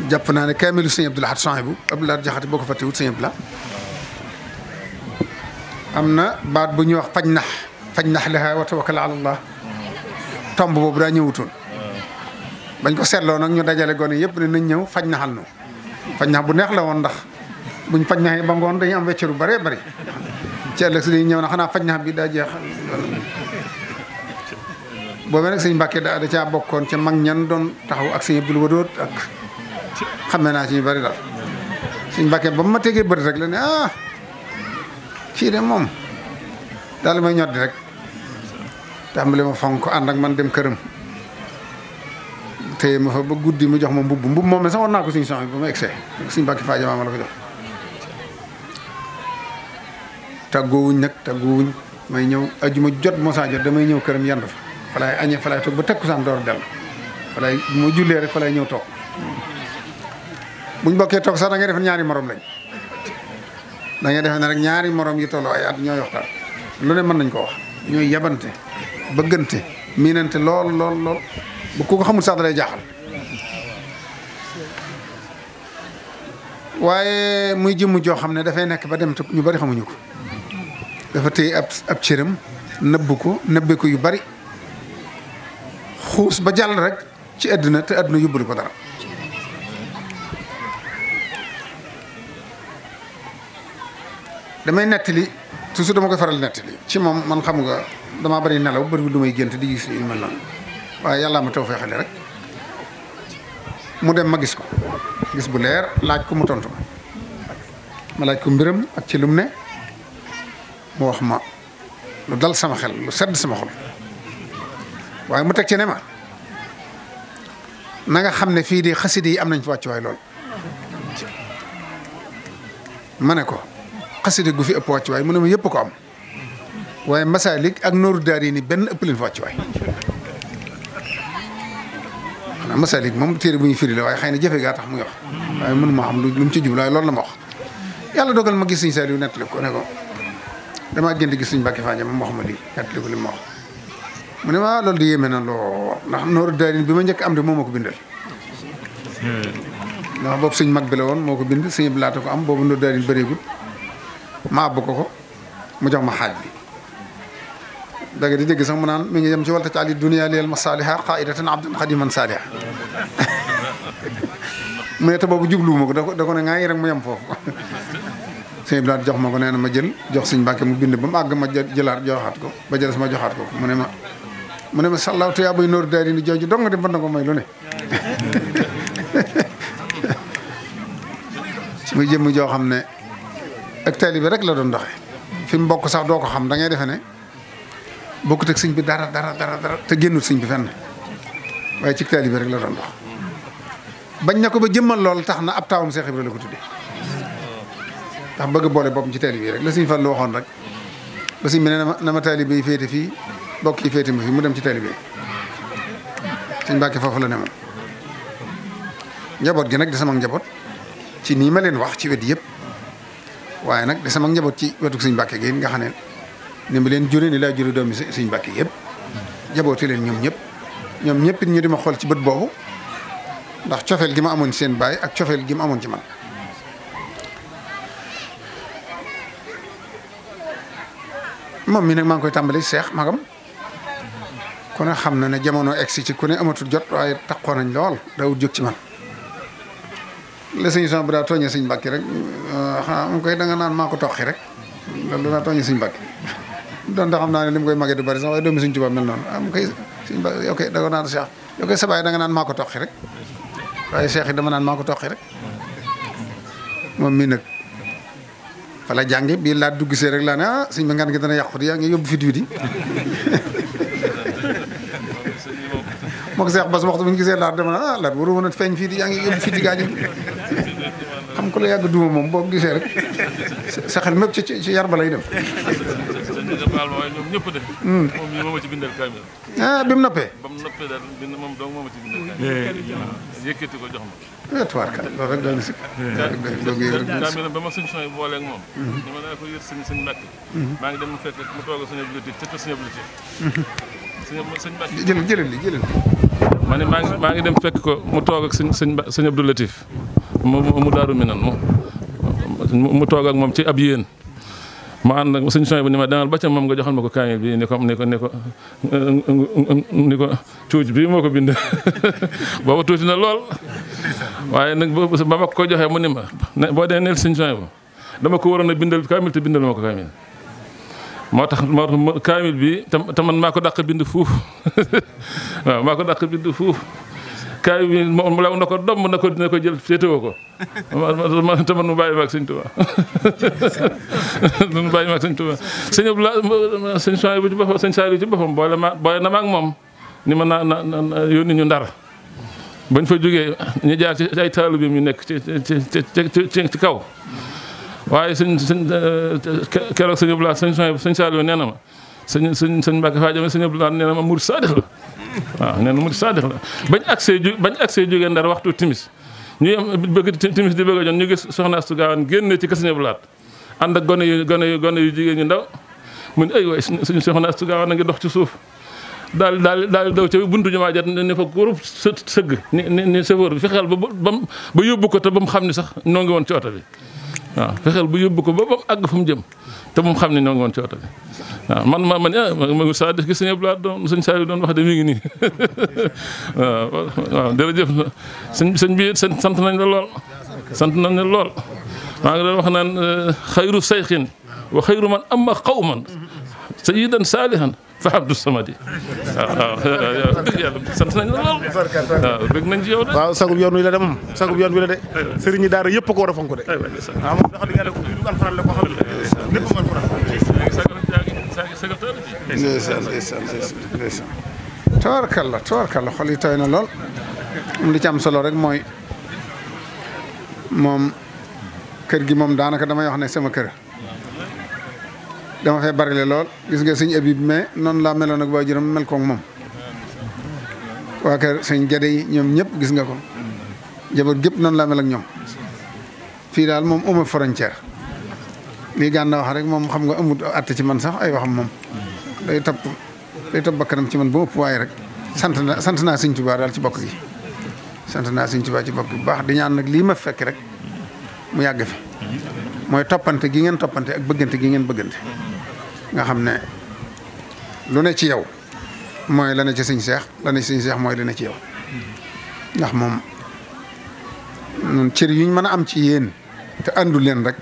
S1: jàpp naa ne kaamilu la Abdou Lahad bu Abdou laa Jaxate boo ko fàttewut sëñ la am na baat bu ñuy wax faj nax faj nax laha wa tawakkal ala Allah tomb boobu daa ñëwutoon bañ ko seetloo nag ñu dajale gone yëpp ne nañ ñëw faj naxal nu faj nax bu neex la woon ndax buñ faj naxee ba ngoon dañuy am wecceru bare bari ci ëllëg si dañuy ñëw na xanaa faj nax bi daa jeex boobu nag sëñ Mbàkke da da caa bokkoon ca mag ñan doon taxaw ak sëñ Abdul Wadood ak xame naa ci ñu bari daal sëñ Mbàkke ba mu ma tegee bët rek la ne ah kii de moom daal may di rek tàmbali ma fonk ànd ak man dem këram te ma fa ba guddi mu jox ma mbubb mbubb moom ne sax war naa ko suñu soxna bi ba ma egsee suñu Mbàkke Faaja maa ma la ko jox tàggoowuñ nag tàggoowuñ may ñëw ajuma jot mosaa jot damay ñëw këram yendu fa falaay añee falaay toog ba takkusaan door dellu falaay bu ma jullee rek falaay ñëw toog bokkee toog sax da ñaari moroom lañ da ngay def ne rek ñaari moroom yi tolloo ay at ñoo waxtaan lu ne mën nañ ko wax ñooy yabante bëggante miinante lool lool lool bu ku ko xamul sax da jaaxal waaye muy jëmm joo xam ne dafay nekk ba dem te ñu bari xamuñu ko dafa téye ab ab cëram nëbb ko nëbbe ko yu bari xuus ba jàll rek ci àdduna te àdduna yóbbul ko dara damay nettali toujours dama koy faral nettali ci moom man xam nga damaa bari nelaw bëri lu may gént di gis yu mel noonu waaye yàllaa ma taw fee xale rek mu dem ma gis ko gis bu leer laaj ko mu tontu ma ma laaj ko mbiram ak ci lum ne mu wax ma lu dal sama xel lu sedd sama xol waaye mu teg ci ne ma nanga xam ne fii di xasida yi am nañ fa wàccuwaay lool ma ne ko xasida gu fi ëpp wàccuwaay mu ne ma yëpp ko am waaye masaalik ak nooru daar yi ni benn ëpp leen fa wàccuwaay xanaa masaalik moom téere bu ñu firi la waaye xëy na jafe gaa tax muy wax waaye mënu ma xam lu mu ci jublu waaye loolu la ma wax yàlla dogal ma gis Sëñ Saaliw nettali ko ne ko damaa gént gis suñ Mbàkke Fànja ma wax ma wax mu ne ma ah, loolu di yéeme na lool ndax nooru daarin bi ma njëkk am de moom ma ko bindal hmm. dama boobu suñ mag bi woon moo ko bind suñu laata am boobu nooru daarin bëreegul ma àbb ko ko mu jox ma xaaj bi dagg di dégg sax mu naan mi ngi yem ci walta caali dunia liyal ma saaliha qaidatan abdan xadiman mu ne te boobu jubluwuma ko da ko ne ngaa ngi rek mu yem foofu sëñ Ibrahima jox ma ko nee na ma jël jox suñ Mbàkke mu bind ba mu àgg ma jëlaat joxaat ko ba jëles ma joxaat ko mu ne ma mu ne ma sàllaaw bay nóoru daari ni jooju dong de mën na ko may lu ne muy jëmm joo xam ne ak taalibe rek la doon doxe fi mu bokk sax doo ko xam da ngay defe ne bokkut ak sëñ bi dara dara dara dara te génnul sëñ bi fenn waaye ci taalibe rek la doon dox bañ na ko ba jëmmal lool tax na ab taawam Seex ko tuddee ndax bëgg boole boppam ci taalibe yi rek la Sëriñ Fallu waxoon rek ba sëriñ bi ne na ma taalibe yi féete fii bokk yi féete ma fii mu dem ci taalibe yi Sëriñ foofu la ne moom njaboot gi nag di sama njaboot ci nii ma leen wax ci wet yëpp waaye nag di sama njaboot ci wetu Sëriñ Mbàkke gi nga xam ne ni ma leen jure ni laa jure doomi Sëriñ Mbàkke yëpp jaboote leen ñoom ñëpp ñoom ñëpp ñu di ma xool ci bët boobu ndax cofeel gi ma amoon seen baay ak cofeel gi ma amoon ci man moom mi nag maa ngi koy tàmbali seex magam ku xam na ne jamono egsi ci ku ne amatul jot waaye taxoo nañ lool dawul jóg ci man la sëñ son bu daa tooñee sëñ Mbàkke rek euh, xanaa mu da nga naan maa ko toqi rek loolu daa tooñee sëñ Mbàkke donte xam naa ne li mu koy màggee du bari sax waaye doomi sëñ Tuubaa mel noonu ah mu koy sëñ Mbàkke yow kay da nga naan seex da nga naan maa ko toqi rek waaye seex yi dama naan maa ko toqi rek moom mi nag fa la jànge bii laa dugg rek laa ne ah suñ ma ngaan gi dana yàqu yaa ngi yóbbu fit wi di moo ko seex bas waxtu bu ñu gisee laat dama ah laat waru woon a feeñ fii di yaa ngi yóbbu fit gaañu xam ko la yàgg duma moom boo gisee rek sa xel ci ci yar ba lay dem digal
S6: baal ma waaye ñoom ñëpp de. Hmm. moom mii moo ma ci bindal kaamil.
S1: ah bi mu noppee. ba mu noppee daal bind
S6: moom dong moo ma ci bindal kaamil. Eh. yëkkati ko jox ma.
S1: waaw eh, tubaarkalla loolu rek doy na si. Eh. kaamil
S6: ba ma suñ sooy booleeg moom. Hmm. ni ma naa ko yër suñ suñ mbàkk. Hmm. maa ngi dem mu fekk mu toog suñu bibliothèque tëj ko suñu bibliothèque. suñu mbàkk jëlal jëlal li jëlal li. ma ne maa ngi maa ngi dem fekk ko mu toog ak suñ suñ suñ Abdou Latif mu mu daaru minan mu mu toog ak moom ci ab yéen ma ànd ak suñu sooy bu ni ma demal ba ca moom nga joxal ma ko kaamil bi ni ko ni ko ni ko cuuj ko bii moo ko bind booba tuuti na lool waaye nag ba ma ko joxee mu ni ma boo dee neel suñu sooy bu dama ko waroon a bindal kaamil te bindal ma ko kaamil moo tax ma tax kaamil bi te man maa ko dàq bind fuuf waaw maa ko dàq bind fuuf kaay bi moom law na ko domm na ko dina ko jël féetewoo ko ma te man mu bàyyi maag sëñ Tuubaa man mu bàyyi maag sëñ Tuubaa sëñ Abdoulaye sëñ ci boppam sëñ boole ma boole na maag moom ni ma naa ñu ndar bañ fa jógee ñu jaar ci ay taalibe bi ñu nekk ci ci kaw waaye sëñ sëñ eh, keroog sëñ Abdoulaye sëñ Saliou nee na ma sëñ sëñ sëñ Mbacke Fadiama sëñ Abdoulaye nee na ma mur saadix la waaw nee na mu saadix la bañ agsee ju bañ agsee jógee ndar waxtu timis ñu yem bëgg timis di bëgg a ñu gis soxna Astu Gaawaan génne ci kër Abdu Lahat ànd ak gone yu gone yu gone yu jigéen ñu ndaw mu ne ay waay suñu soxna Astu Gaawaan a ngi dox ci suuf daal daal daal daw ca buntu jumaa jot ne fa góorub së sëgg ni ni ni chauffeur bi fexeel ba ba ba yóbbu ko te ba mu xam ne sax noo ngi woon ci oto bi waaw fexeel bu yóbbu ko ba ba mu àgg fu mu jëm te moom xam ne ñoo ngi woon man eh, ma man ah ma saa def gi sëñ Abdoulaye doon sëñ Saliou doon wax de mi nii waaw waaw jërëjëf sëñ sëñ bi sant nañ la lool sant nañ la lool maa ngi doon wax naan eh, xayru sayxin wa xayru man amma qawman sayyidan saalihan fa Abdou Samadi waaw waaw yàlla sant nañ la waaw bëgg de.
S1: yoon wi la de moom sagub yoon wi la de sëriñ daara yëpp ko war a fonk de. waaw moom ko
S6: du alxuraan
S1: la xol yi tooy na lool li ci am solo rek mooy moom kër gi moom daanaka damay wax ne sama kër dama fee bari lool gis nga sëñ Abib mais noonu laa meloon ak waajuram mel koog moom waa kër sëñ Gade yi ñoom ñëpp gis nga ko jabar gépp noonu laa mel ak ñoom fii daal moom amul frontière lii gaan na wax rek moom xam nga amut àtte ci man sax ay waxam moom day topp day topp bakkanam ci man ba ëpp waaye rek sant na sant naa sëñ Tuubaa daal ci bokk gi sant naa sëñ Tuubaa ci bokk bu baax di ñaan nag lii ma fekk rek mu yàgg fi mooy toppante gi ngeen toppante ak gi ngeen bëggante nga xam ne lu ne ci yow mooy la ne ci sëñ seex la ne ci sëñ seex mooy li ne ci yow ndax moom ñun cër yuñ mën a am ci yéen te àndu leen rek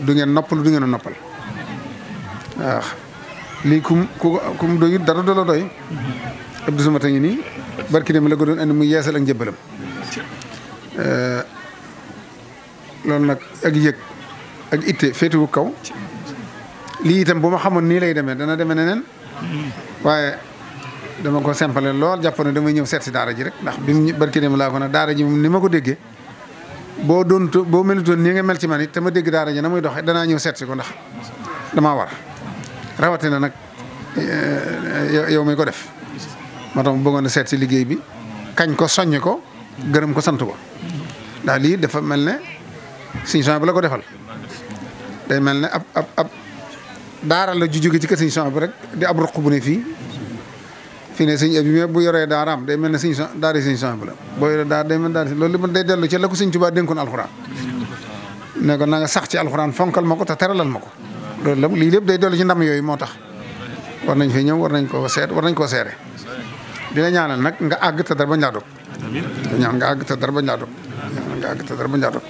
S1: du ngeen noppal du ngeen a noppal waaw lii kum ku kum doyut dara du la doy Abdou Samata ngi nii barki dem la ko doon indi mu yeesal ak njëbbalam euh, loolu nag ak yëg ak itte féetewu kaw lii itam bu ma xamoon nii lay demee dana demee neneen waaye dama ko simple lool jàpp damay ñëw seet si daara ji rek ndax bi mu barki dem laa ko nag daara ji ni ma ko déggee boo doon boo melutoon nii nga mel ci man it te ma dégg daara ji na muy doxee danaa ñëw seet ko ndax damaa war rawatina nag eh, eh, yow mi ko def moo tax mu bëggoon a seet liggéey bi kañ ko soññ ko gërëm ko sant ko ndax lii dafa mel ne suñu bu la ko defal day mel ne daaral la ju jóge ci kër sëñ Sohaybu rek di ab roq bu ne fii fii ne sëñ Abibu bu yoree daaraam day mel ne sëñ daara sëñ Sohaybu la boo yoree daara day mel daara loolu lépp day dellu ci la ko sëñ Tuubaa dénkoon alxuraan na nga sax ci alxuraan fonkal ma ko te teralal ma ko loolu lépp lii lépp day dellu ci ndam yooyu moo tax war nañ fee ñëw war nañ koo seet war nañ koo seere dina ñaanal nag nga àgg te dara ba njaadog ñaan nga àgg te dara ba njaadog ñaan nga àgg te dara ba njaadog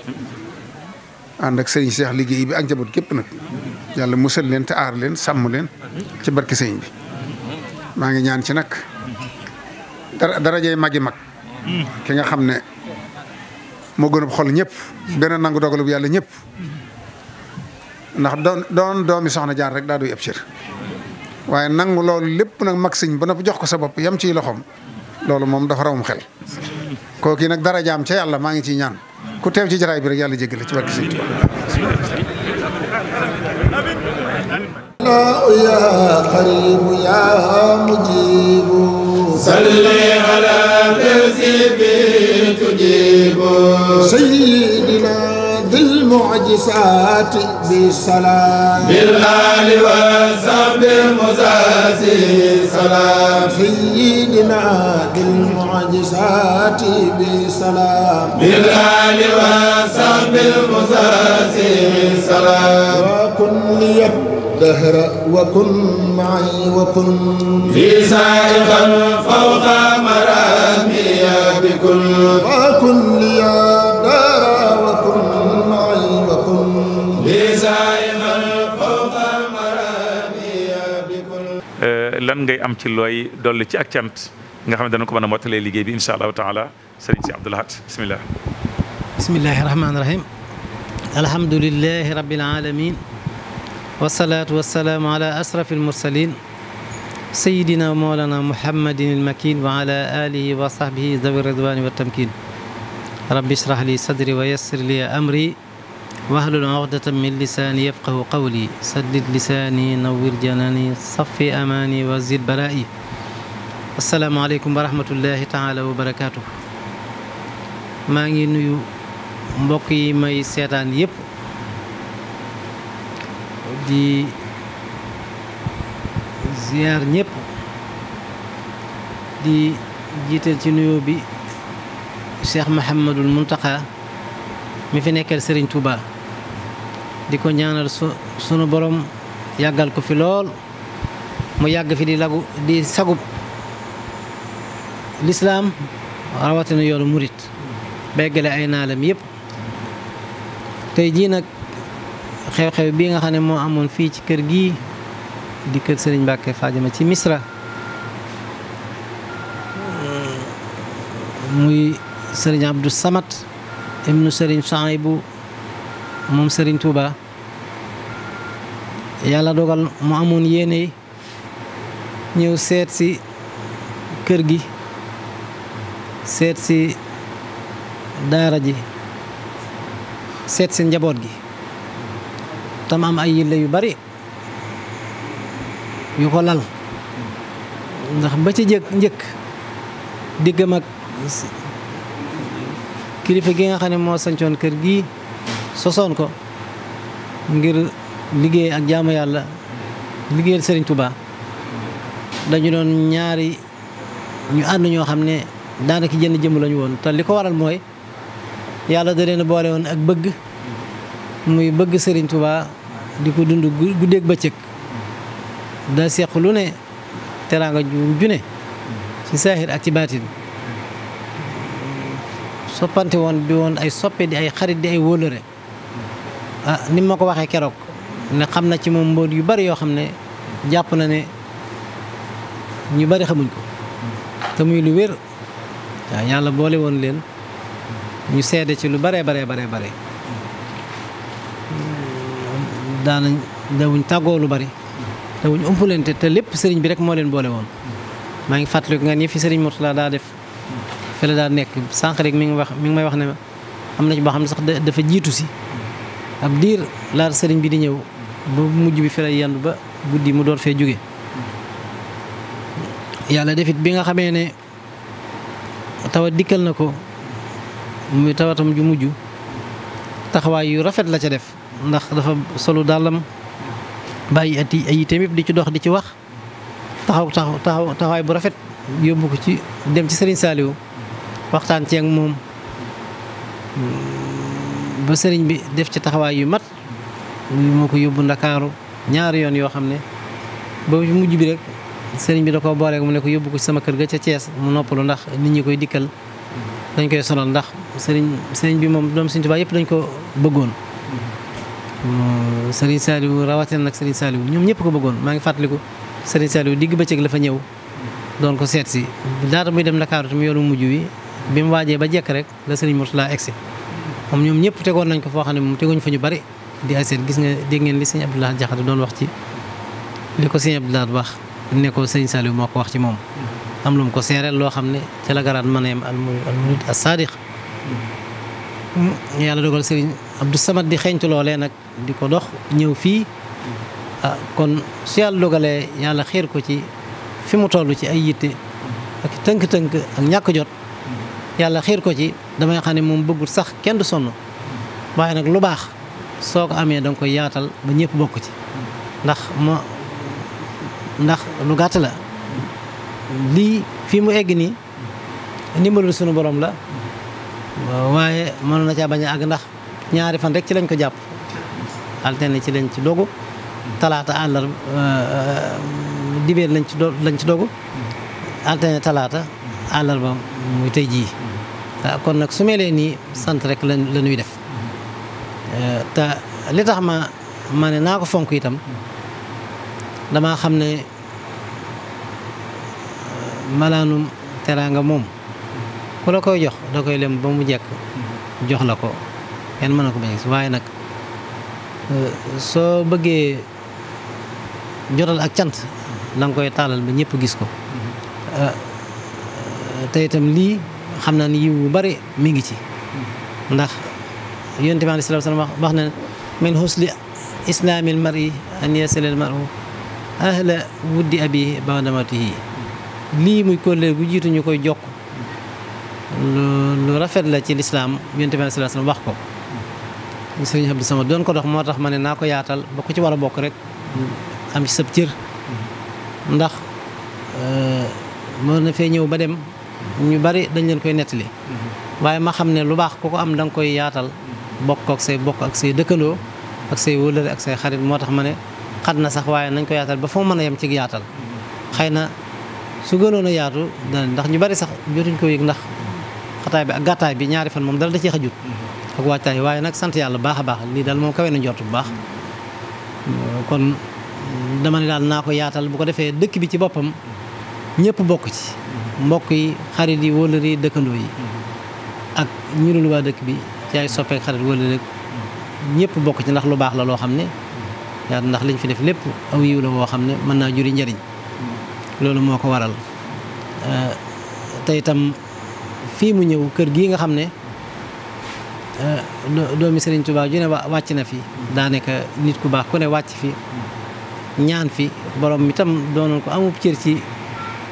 S1: ànd ak sëriñ Seex liggéey bi ak njaboot képp nag yàlla musal leen te aar leen sàmm leen ci barke sëñ bi maa ngi ñaan ci nag dara darajey magi mag ki nga xam ne moo gën a xol ñëpp beneen nangu dogalu bu yàlla ñëpp ndax doon doon doomi soxna jaar rek daa doy ab cër waaye nangu loolu lépp nag mag sëñ ba noppi jox ko sa bopp yam ciy loxoom loolu moom dafa rawum xel kooku nag dara jaam ca yàlla maa ngi ciy ñaan ku teew ci jaraay bi rek yàlla jéggal la ci barke
S2: sëñ
S1: يا قريب يا مجيب صل على الذي تجيب سيدنا ذي المعجزات بالسلام بالآل والصحب المزازي سلام سيدنا ذي المعجزات بالسلام
S2: بالآل
S1: والصحب المزازي سلام وكن ليبقى والدهر وكن معي وكن لي سائقا فوق مرامي بكل وكن لي دار وكن معي وكن لي سائقا فوق مرامي بكل
S3: euh, lan ngay am ci looy dolli ci ak cant nga xam ne dana ko mën a mottalee liggéey bi incha allahu taala sëriñ si Abdoul Ahad bisimilah.
S7: bisimilahi rahmaani rahiim alhamdulilahi rabbil aalamiin wasalaatu wasalaam ala asraf almursalin sayidina moolana muhammadin almakin wa ala alihi wa sahbihi zawi ridwani wa tamkin rabbi israh li sadri wa yassir li amri wahlul uqdatan min lisaani yafqahu qawli saddid lisaani nawwir janaani safi amaani wa zid balaa'i asalaamaaleykum wa rahmatullahi taala wa barakaatu maa ngi nuyu mbokk yi may seetaan yëpp di ziar ñëpp di jiital ci nuyoo bi Cheikh Mouhamadul Mountakha mi fi nekkal sëriñ Touba di ko ñaanal su sunu borom yàggal ko fi lool mu yàgg fi di lagu di sagub lislaam rawatina yoonu murit béggale ay naalam yëpp tey jii nag xew-xew bii nga xam ne moo amoon fii ci kër gii di kër Serigne Mbacke Fadiama ci Misra muy Serigne Abdou Samad ibnu Serigne bu moom sëriñ Touba yàlla dogal mu amoon yéene ñëw seet si kër gi seet si daara ji seet si njaboot gi tam am ay yille yu bari yu ko lal ndax ba ci jëkk njëkk diggam ak kilifa gi nga xam ne moo sancoon kër gi sosoon ko ngir liggéey ak jaamu yàlla liggéeyal Serigne Touba dañu doon ñaari ñu ànd ñoo xam ne daanaka jenn jëmm lañu woon te li ko waral mooy yàlla da boole woon ak bëgg muy bëgg Serigne Touba di ko dund gu ba bëccëg da seq lu ne teraanga ju ne ci saahir ak ci baatin soppante woon bi woon ay soppe di ay xarit di ay wóolëre ah ni ma ko waxee keroog ne xam na ci moom mbóot yu bari yoo xam ne jàpp na ne ñu bari xamuñ ko te muy lu wér waaw yàlla boole woon leen ñu seede ci lu baree baree baree bare daanañ dawuñ tàggoo lu bari dawuñ umpalante te lépp sëriñ bi rek moo leen boole woon maa ngi fàttaliku nga ni fi sëriñ Mourtala daa def fi daa nekk sànq rek mi ngi wax mi ngi may wax ne am na ci boo xam ne sax dafa jiitu si ab diir laata sëriñ bi di ñëw ba mujj bi fi la yendu ba guddi mu doon fee jóge yàlla defit bi nga xamee ne tawa dikkal na ko muy tawatam ju mujj taxawaay yu rafet la ca def ndax dafa solu dàllam bàyyi at yi ay di ci dox di ci wax taxaw taxaw taxawaay bu rafet yóbbu ko ci dem ci sëriñ Saliou waxtaan ci moom mm, ba sëriñ bi def ci taxawaay yu mat moo ko yóbbu Ndakaaru ñaari yoon yoo xam ne ba mujj bi rek Serigne bi da koo booleeg mu ne ko yóbbu ko sama kër ga ca cees mu noppalu ndax nit ñi koy dikkal dañ koy sonal ndax sëriñ Serigne bi moom doom Serigne Touba dañ ko bëggoon. Euh, Serigne Saliou rawatina nag Serigne Saliou ñoom ñëpp ko bëggoon maa ngi fàttaliku Serigne Saliou digg bëccëg la fa ñëw doon ko seet si daata muy dem Dakar tam yoonu mujj wi bi mu waajee ba jekk rek la Serigne Mourtala egsi moom ñoom tegoon nañ ko foo xam ne moom teguñ fa ñu bari di ay seet gis nga dégg ngeen li Serigne Abdoulaye Diakhaté doon wax ci li ko Serigne Abdoulaye wax ne ko Serigne moo ko wax ci moom am lu ko seereel loo xam ne ca la garaat mën a Abdou Samad di xeeñtu loolee nag di ko dox ñëw fii mm-hmm. ah, kon su yàlla yàlla xiir ko ci fi mu toll ci ay yitte mm-hmm. ak tënk-tënk ak ñàkk jot mm-hmm. yàlla xiir ko ci damay xam ne moom bëggul sax kenn du sonn waaye nag lu baax soo amee danga koy yaatal ba ñëpp bokk ci ndax ma ndax lu gàtt la lii fii mu egg nii ndimbalul sunu borom la waaye mënoon na caa bañ a àgg ndax ñaari fan rek ci lañ ko jàpp altine ci lañ ci dogu talaata àllar euh, dibéer lañ ci do lañ ci dogu altine talaata àllarba muy tey jii kon nag su melee nii sant rek la la def euh, te li tax ma ma ne naa ko fonk itam damaa xam ne euh, malaanum teraanga moom ku la koy jox da koy lem ba mu jekk jox la ko kenn mën na ko bañ a gis waaye nag euh, soo bëggee jotal ak cant da koy taalal ba ñépp gis ko mm-hmm. euh, te itam lii xam naa ni yiw bu bari mi ngi ci mm-hmm. ndax yonent bi aleyhi salaatu wa salaam wax na min husni islaamil mm-hmm. lii muy kóllëre gu jiitu ñu koy jokk lu rafet la ci lislaam yonent bi aleyhi salaatu wa salaam wax ko sëriñ Abdou sama doon ko dox moo tax ma ne naa ko yaatal ba ku ci war a bokk rek am ci sab cër
S2: mm-hmm.
S7: ndax eh, mën na fee ñëw ba dem ñu bari dañ leen koy nettali mm-hmm. waaye ma xam ne lu baax ku ko am danga koy yaatal mm-hmm. bokk ak say bokk ak say dëkkandoo ak say wëllëre ak say xarit moo tax ma ne xat na sax waaye nañ ko yaatal ba foo mën a yem ci yaatal xëy na su gënoon a yaatu ndax ñu bari sax jotuñ ko yëg ndax xataay bi ak gàttaay bi ñaari fan moom dara da cee xajut ak waajtaay waaye nag sant yàlla baax a baax lii daal moom kawe na njort bu baax kon dama ne daal naa ko yaatal bu ko defee dëkk bi ci boppam ñëpp bokk ci mbokk yi xarit yi wóllëre dëkkandoo yi ak ñu dul waa dëkk bi ci ay soppeek xarit wóllëre ñëpp bokk ci ndax lu baax la loo xam ne yaa ndax liñ fi def lépp aw yiw la woo xam ne mën naa juri njariñ loolu moo ko waral te itam fii mu ñëw kër gii nga xam ne doomi Serigne Touba ju ne wàcc na fi daanaka nit ku baax ku ne wàcc fi ñaan fi borom mi tam doonoon ko amub cër ci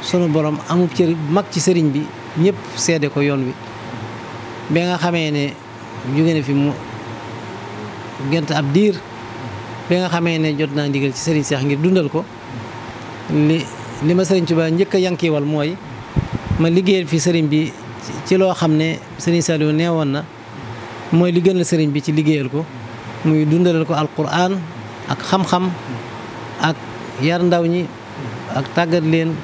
S7: sunu borom amub cër mag ci sëriñ bi ñëpp seede ko yoon wi ba nga xamee ne jóge fi mu gent ab diir nga xamee ne jot naa ndigal ci sëriñ Seex ngir dundal ko li li ma sëriñ Touba njëkk a yankiwal mooy ma liggéeyal fi sëriñ bi ci loo xam ne sëriñ Saliou nee woon na mooy li gënal sëriñ bi ci liggéeyal ko muy dundalal ko alquran ak xam-xam ak yar ndaw ñi ak tàggat leen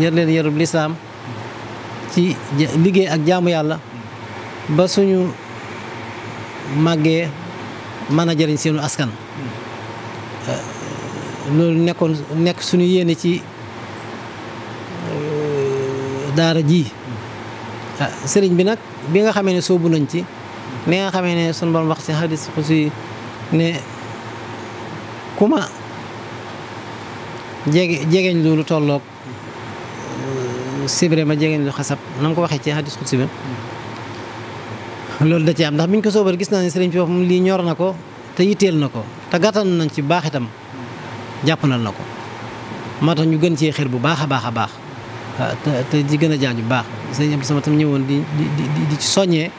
S7: yar leen yarub lislaam ci liggéey ak jaamu yàlla ba suñu màggee mën a jëriñ seenu askan loolu nekkoon nekk suñu yéene ci euh, daara jii Ah, sëriñ bi nag bi nga xamee ne soobu nañ ci ni nga xamee ne sunu borom wax ci xadis xusi ne ku ma jege jegeñ loolu euh, ma jegeñ lu xasab na ko waxee ci xadis loolu da ci am ndax biñ ko soobar gis na ne sëriñ bi wax lii ñor na ko te yitteel na ko te gàttan nañ ci baax itam jàppandal na ko ma tax ñu gën cee xir bu baax a baax a baax ah, te di gën a jaaju bu baax sëñ Abdou Samad tam ñëwoon di di di di ci soññee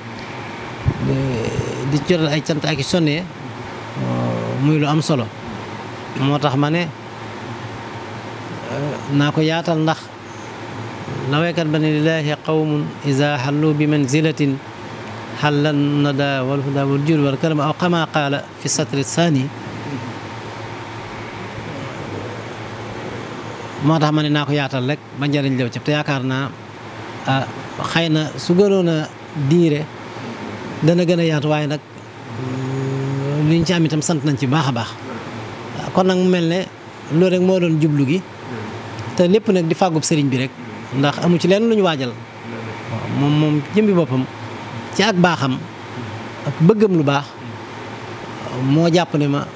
S7: di ci jotal ay cant ak euh, muy lu am solo moo tax ma ne euh, naa ko yaatal ndax la waykat ba ne lillaahi qawmun iza xallu bi manzilatin xallan nada wal huda wal jul wal aw kama qaala fi satri saani moo tax ma naa ko yaatal rek ba njëriñ lew ci te yaakaar naa ah xëy na su gënoon a diire dana gën a yaatu waaye nag mm, li ñu itam sant nañ ci baax a baax ah, kon nag mu mel ne loolu rek moo doon jublu gi te lépp nag di fàggub sëriñ bi rek ndax amu ci leen lu ñu waajal moom moom jëmbi boppam ci ak baaxam ak lu baax moo jàpp ne ma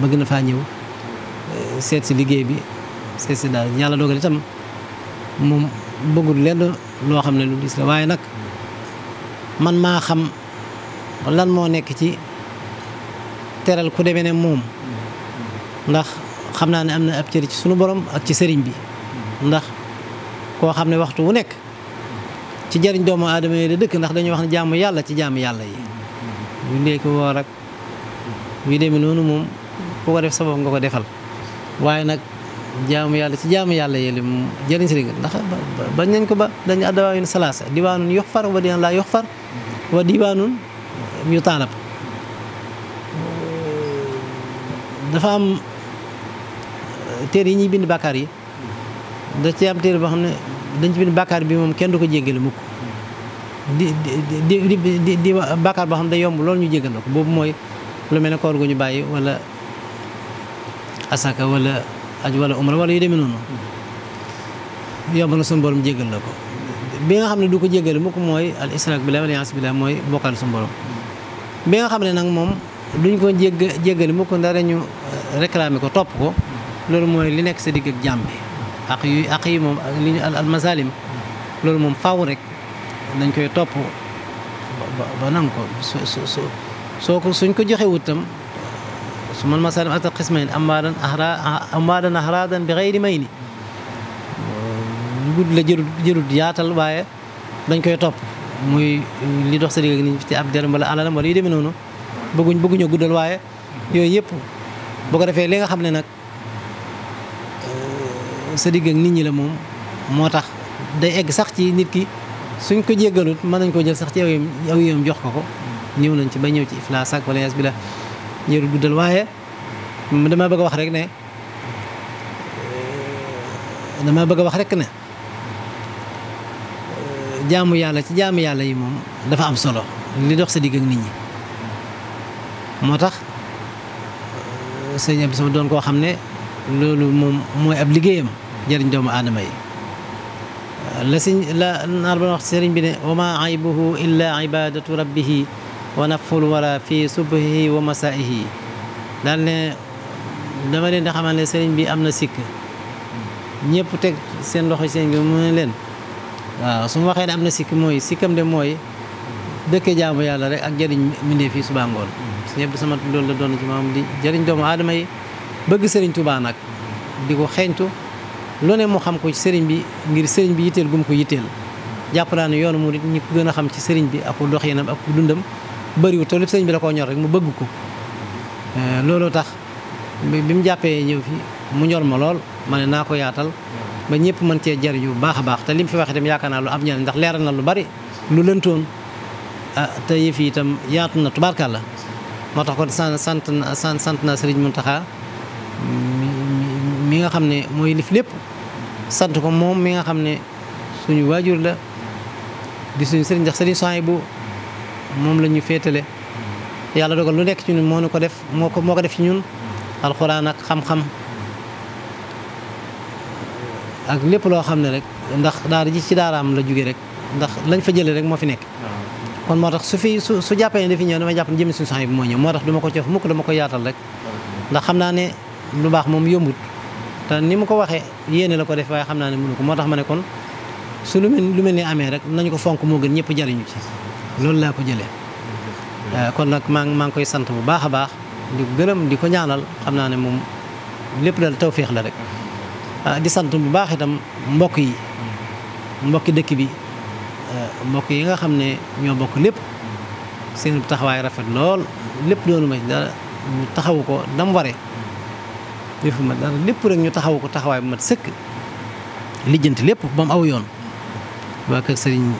S7: bëgg na faa ñëw eh, seet si liggéey bi seet si daal yàlla dogal itam moom bëggul lenn loo xam ne lu diis la waaye nag man maa xam lan moo nekk ci teral ku demee ne moom ndax xam naa ne am na ab cër ci sunu borom ak ci sëriñ bi ndax koo xam ne waxtu wu nekk ci jariñ doomu aadama yi da dëkk ndax dañuy wax ne jàmm yàlla ci jàmm yàlla yi bu dee ko woor ak yu noonu moom ku ko def sabab nga ko defal waaye nag jaamu yàlla ci jaamu yàlla yi lim jëriñ si li ndax bañ nañ ko ba dañu addawaayun salaasa diwaanun yox far wa diwaan laa yox far wa diwaanun yu taalab dafa am uh, téere yi ñuy bind bàkkaar yi da ci am téere boo xam ne dañ ci bind bàkkaar bi moom kenn du ko jéggale mukk di di di di bàkkaar boo xam ne day yomb loolu ñu jéggal ko boobu mooy lu mel ne koor gu ñu bàyyi wala asaka wala aj wala umra wala yu demee noonu yomb na suñu jéggal la ko bi nga xam ne du ko jéggale mukk mooy al israq bi la alliance mooy bokkal suñu borom bi nga xam ne nag moom duñ ko jégg jéggale mukk dara ñu euh, réclamer ko topp ko loolu mooy li nekk sa digg ak jàmm bi ak yu ak yi moom li ñu al masalim loolu moom faaw rek dañ koy topp ba nangu ko su su soo ko suñ man ثم المسألة مسألة قسمين أمالا أمالا أهرادا بغير mayni gudd la jërut jërut yaatal waaye dañ koy topp muy li dox sa digg ni ci ab deram wala alalam wala demee noonu bëgguñ bëgguñoo guddal waaye yooyu yëpp boo ko defee li nga xam ne nag sa digg nit ñi la moom moo tax day egg sax ci nit ki suñ ko jéggalut mën nañ ko jël sax ci aw yoom jox ko ko ñëw nañ ci ba ñëw ci iflaas ak wala bi la njëriñ guddal waaye dama bëgg a wax rek ne dama bëgg a wax rek ne jaamu yàlla ci jaamu yàlla yi moom dafa am solo li dox sa digg ak moo tax sëñ bi sama doon koo xam ne loolu moom mooy ab liggéeyam jëriñ doomu aadama yi la si la naar ba wax sëriñ bi ne wa ma aybuhu illa ibadatu rabbihi wa naful wara fii subhihi wa yi daal ne dama leen di xamal ne sëriñ bi am na sikk ñëpp teg seen loxo seen bi mu ne leen waaw su ma waxee ne am na sikk mooy sikkam de mooy dëkke jaamu yàlla rek ak jëriñ mindee fii suba ngoon ñëpp sama loolu la doon ci maam di jëriñ doomu aadama yi bëgg sëriñ Tuubaa nag di ko xeeñtu lu mu xam ko ci sëriñ bi ngir sëriñ bi yitteel gum ko yitteel jàpp naa ne yoonu murit ñi ko gën a xam ci sëriñ bi ak doxinam ak dundam bëriwut te lépp sëñ bi la koo ñor rek mu bëgg ko eh, looloo tax bi mu jàppee ñëw fi mu ñor ma lool mane naa ko yaatal ba ñëpp mën cee jariñu bu baax a baax te li mu fi wax itam yaakaar naa lu am ñaan ndax na lu bari lu lëntoon ah te yëf yi yaatu na tubaarkàlla moo tax ko sant sant sant sant naa Serigne Mountakha mi nga xam ne mooy lif lépp sant ko moom mi nga xam ne suñu waajur la di suñu sëriñ ndax sëriñ Sohaybu moom la ñu féetale yàlla dogal lu nekk ci ñun moo nu ko def moo ko moo ko def ci ñun alxuraan ak xam-xam ak lépp loo xam ne rek ndax daara ji ci daaraam la jóge rek ndax lañ fa jëlee rek moo fi nekk kon moo tax su fi su su jàppee ne dafi ñëw damay jàpp ne jëmi suñu sang bi moo ñëw moo tax du ko cof mukk dama ko yaatal rek ndax xam naa ne lu baax moom yombut te ni mu ko waxee yéene la ko def waaye xam naa ne mënu ko moo tax ma ne kon su lu mel lu mel ni amee rek nañu ko fonk moo gën ñëpp jariñu ci loolu laa ko jële euh, kon nag maa maa ngi koy sant bu baax a baax di gërëm di ko ñaanal xam naa ne moom lépp daal tawféex la rek euh, di sant bu baax itam mbokk yi mbokki dëkk bi
S2: euh,
S7: mbokk yi nga xam ne ñoo bokk lépp seen taxawaay rafet lool lépp doonu ma dara ñu taxawu ko dam ware ma lépp rek ñu taxawu ko taxawaay bu mat sëkk lijjant lépp ba aw yoon waa kër sëriñ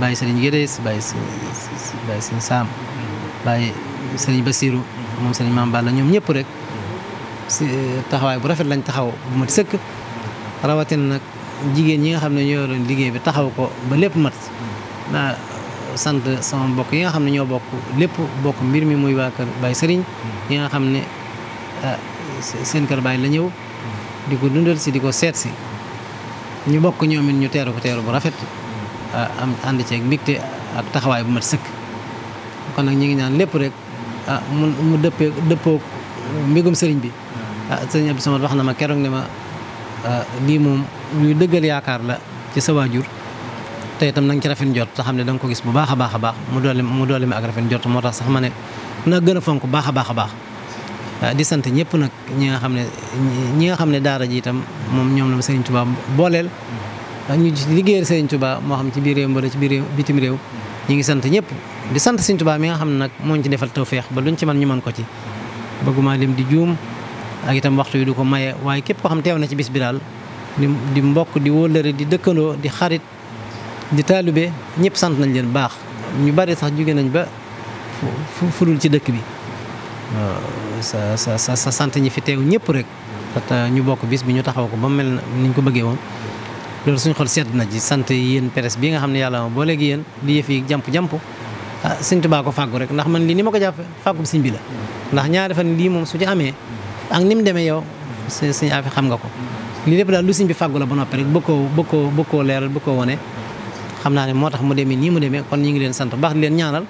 S7: bàyyi sëriñ Gédés bàyyi bàyyi sëriñ Saam bàyyi sëriñ Basiiru moom sëriñ Maam Balla ñoom ñëpp rek eh, taxawaay bu rafet lañ taxaw bu mat sëkk rawatina nag jigéen ñi nga xam ne ñoo doon liggéey bi taxaw ko ba lépp mat naa sant mbokk yi nga xam ne ñoo bokk lépp bokk mbir mi muy waa kër Baye Serigne yi nga xam ne ah, seen kër Baye la ñëw di ko dundal si di ko seet si ñu bokk ñoom it ñu teeru ko teeru bu rafet Ah, am ànd ceeg mbégte ak taxawaay bu mat sëkk kon nag ñu ngi ñaan lépp rek ah mu mu dëppee dëppoo mbégum sëriñ bi ah sëriñ Abdou Samad wax na ma keroog ne ma ah, lii moom luy dëggal yaakaar la ci sa waajur te itam na ci rafet njort te xam ne da ko gis bu baax a baax a baax mu doole mu doole mi ak rafet njort moo tax sax ma ne na gën a fonk baax a baax a baax ah, di sant ñëpp nag ñi nga xam ne ñi nga xam ne daara ji itam moom ñoom la ma sëriñ Tuubaa booleel ndax ñu liggéeyal Serigne tubaa moo xam ci biir réew mbala ci biir réew bitim réew ñu ngi sant ñëpp di sant Serigne Touba mi nga xam ne nag moo ci defal tawféex ba luñ ci man ñu man ko ci bëgguma lim di juum ak itam waxtu wi du ko maye waaye képp koo xam teew na ci bis bi daal di di mbokk di wóllëre di dëkkandoo di xarit di taalibe ñëpp sant nañ leen baax ñu bari sax jóge nañ ba fudul ci dëkk bi sa sa sant ñi fi teew ñëpp rek ñu bokk bis bi ñu taxaw ko ba mel niñ ko bëggee woon loolu suñu xol sedd na ci sant yéen presse bi nga xam ne yàlla ma boo léegi yéen li yëf yi jàmp-jàmp ah sëñ rek ndax man lii ni ma ko jàppe fàggu sëñ bi la ndax ñaari fan lii moom su ci amee ak ni mu demee yow sëñ afi xam nga ko lii lépp daal lu sëñ bi fàggu la ba noppi rek bëggoo bëggoo bëggoo leeral bëggoo wone xam naa ne moo tax mu demee nii mu demee kon ñu ngi leen sant baax di leen ñaanal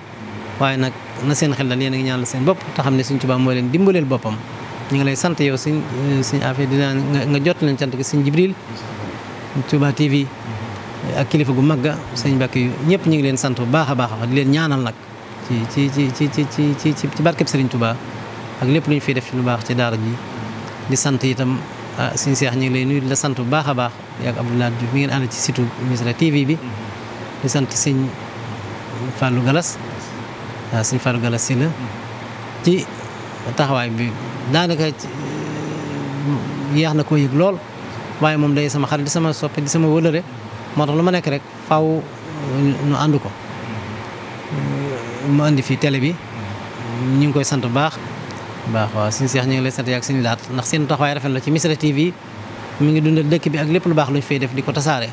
S7: na seen xel dal yéen a ngi ñaanal seen bopp te xam ne sëñ Tuubaa moo leen dimbaleel boppam ñu ngi lay sant yow sëñ sëñ afi dinaa nga jot leen cant gi sëñ Jibril Touba TV ak kilifa gu mag ga sëñ Mbàkke yu ñëpp ñu ngi leen sant bu baax a baax di leen ñaanal nag ci ci ci ci ci ci ci barkeb Sëriñ Touba ak lépp lu ñu fiy def ci lu baax ci daara ji di sant itam suñu ah, seex ñu ngi lay nuyu la sant bu baax a baax yaag Abdoulaye Diouf mi ngeen ànd ci situ Misra TV bi di sant sëñ Fallou Galas waaw ah, sëñ Fallou si la ci taxawaay bi daanaka eh, yéex na koo yëg lool waaye moom day sama xarit di sama soppe di sama wëlëre moo tax lu ma nekk rek faw nu ànd ko mu indi fii télé bi ñu ngi koy sant bu baax baax waaw suñu seex ñu ngi lay sant yaak suñu laat ndax seen taxawaay rafet la ci Misra TV mi ngi dundal dëkk bi ak lépp lu baax lu ñu fay def di ko tasaare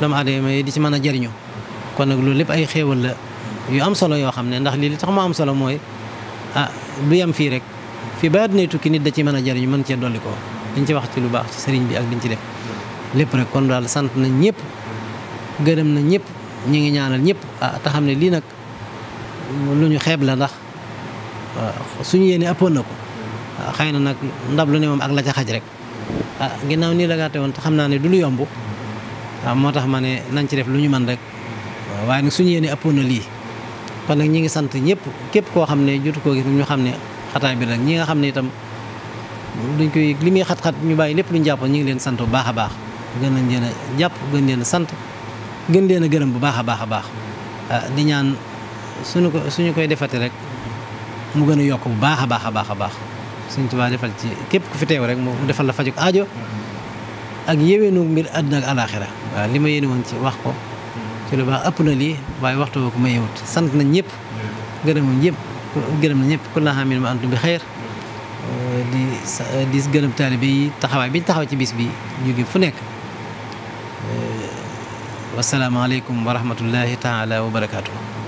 S7: doomu aadama yi di ci mën a jëriñu kon nag loolu lépp ay xéewal la yu am solo yoo xam ne ndax lii li tax mu am solo mooy ah du yem fii rek fii ba àddina tukki nit da ci mën a jëriñu mën cee dolli ko liñ ci wax ci lu baax ci sëriñ bi ak liñ ci def lépp rek kon daal sant na ñëpp gërëm na ñëpp ñu ngi ñaanal ñëpp ah te ne lii nag lu ñu xeeb la ndax ah, suñu yéene ëppoon ah, xëy na nag ndab lu ne moom ak la ca rek ah nii la woon te xam naa ne du yomb waaw ah, moo tax ma ne nañ ci def lu ñu mën rek waaye nag suñu yéene ëppoon na lii kon nag ñi ngi sant ñëpp képp koo xam ne jotu koo gis ñu xam ne xataay bi rek ñi nga xam ne itam duñ koy li muy xat-xat ñu bàyyi lépp luñ jàppoon ñu ngi leen sant bu baax a baax gën nañ leen a jàpp gën leen sant gën leen a gërëm bu baax a baax a baax ah, di ñaan suñu ko suñu koy defati rek mu gën a yokk bu baax a baax a baax a baax suñ tubaa defal ci képp ku fi teew rek mu defal la fajuk aajo ak yéweenu mbir àdduna ak alaaxira waaw li ma yéene woon ci wax ko ci lu baax ëpp na lii waaye waxtu ko ma yewut sant nañ ñëpp gërëm nañ ñëpp gërëm nañ ñëpp ku la xamin ma antu bi di di gërëm taalibe yi taxawaay bi taxaw ci bis bi ñu ngi fu nekk wasalaamaaleykum wa rahmatullahi taala wa barakaatu.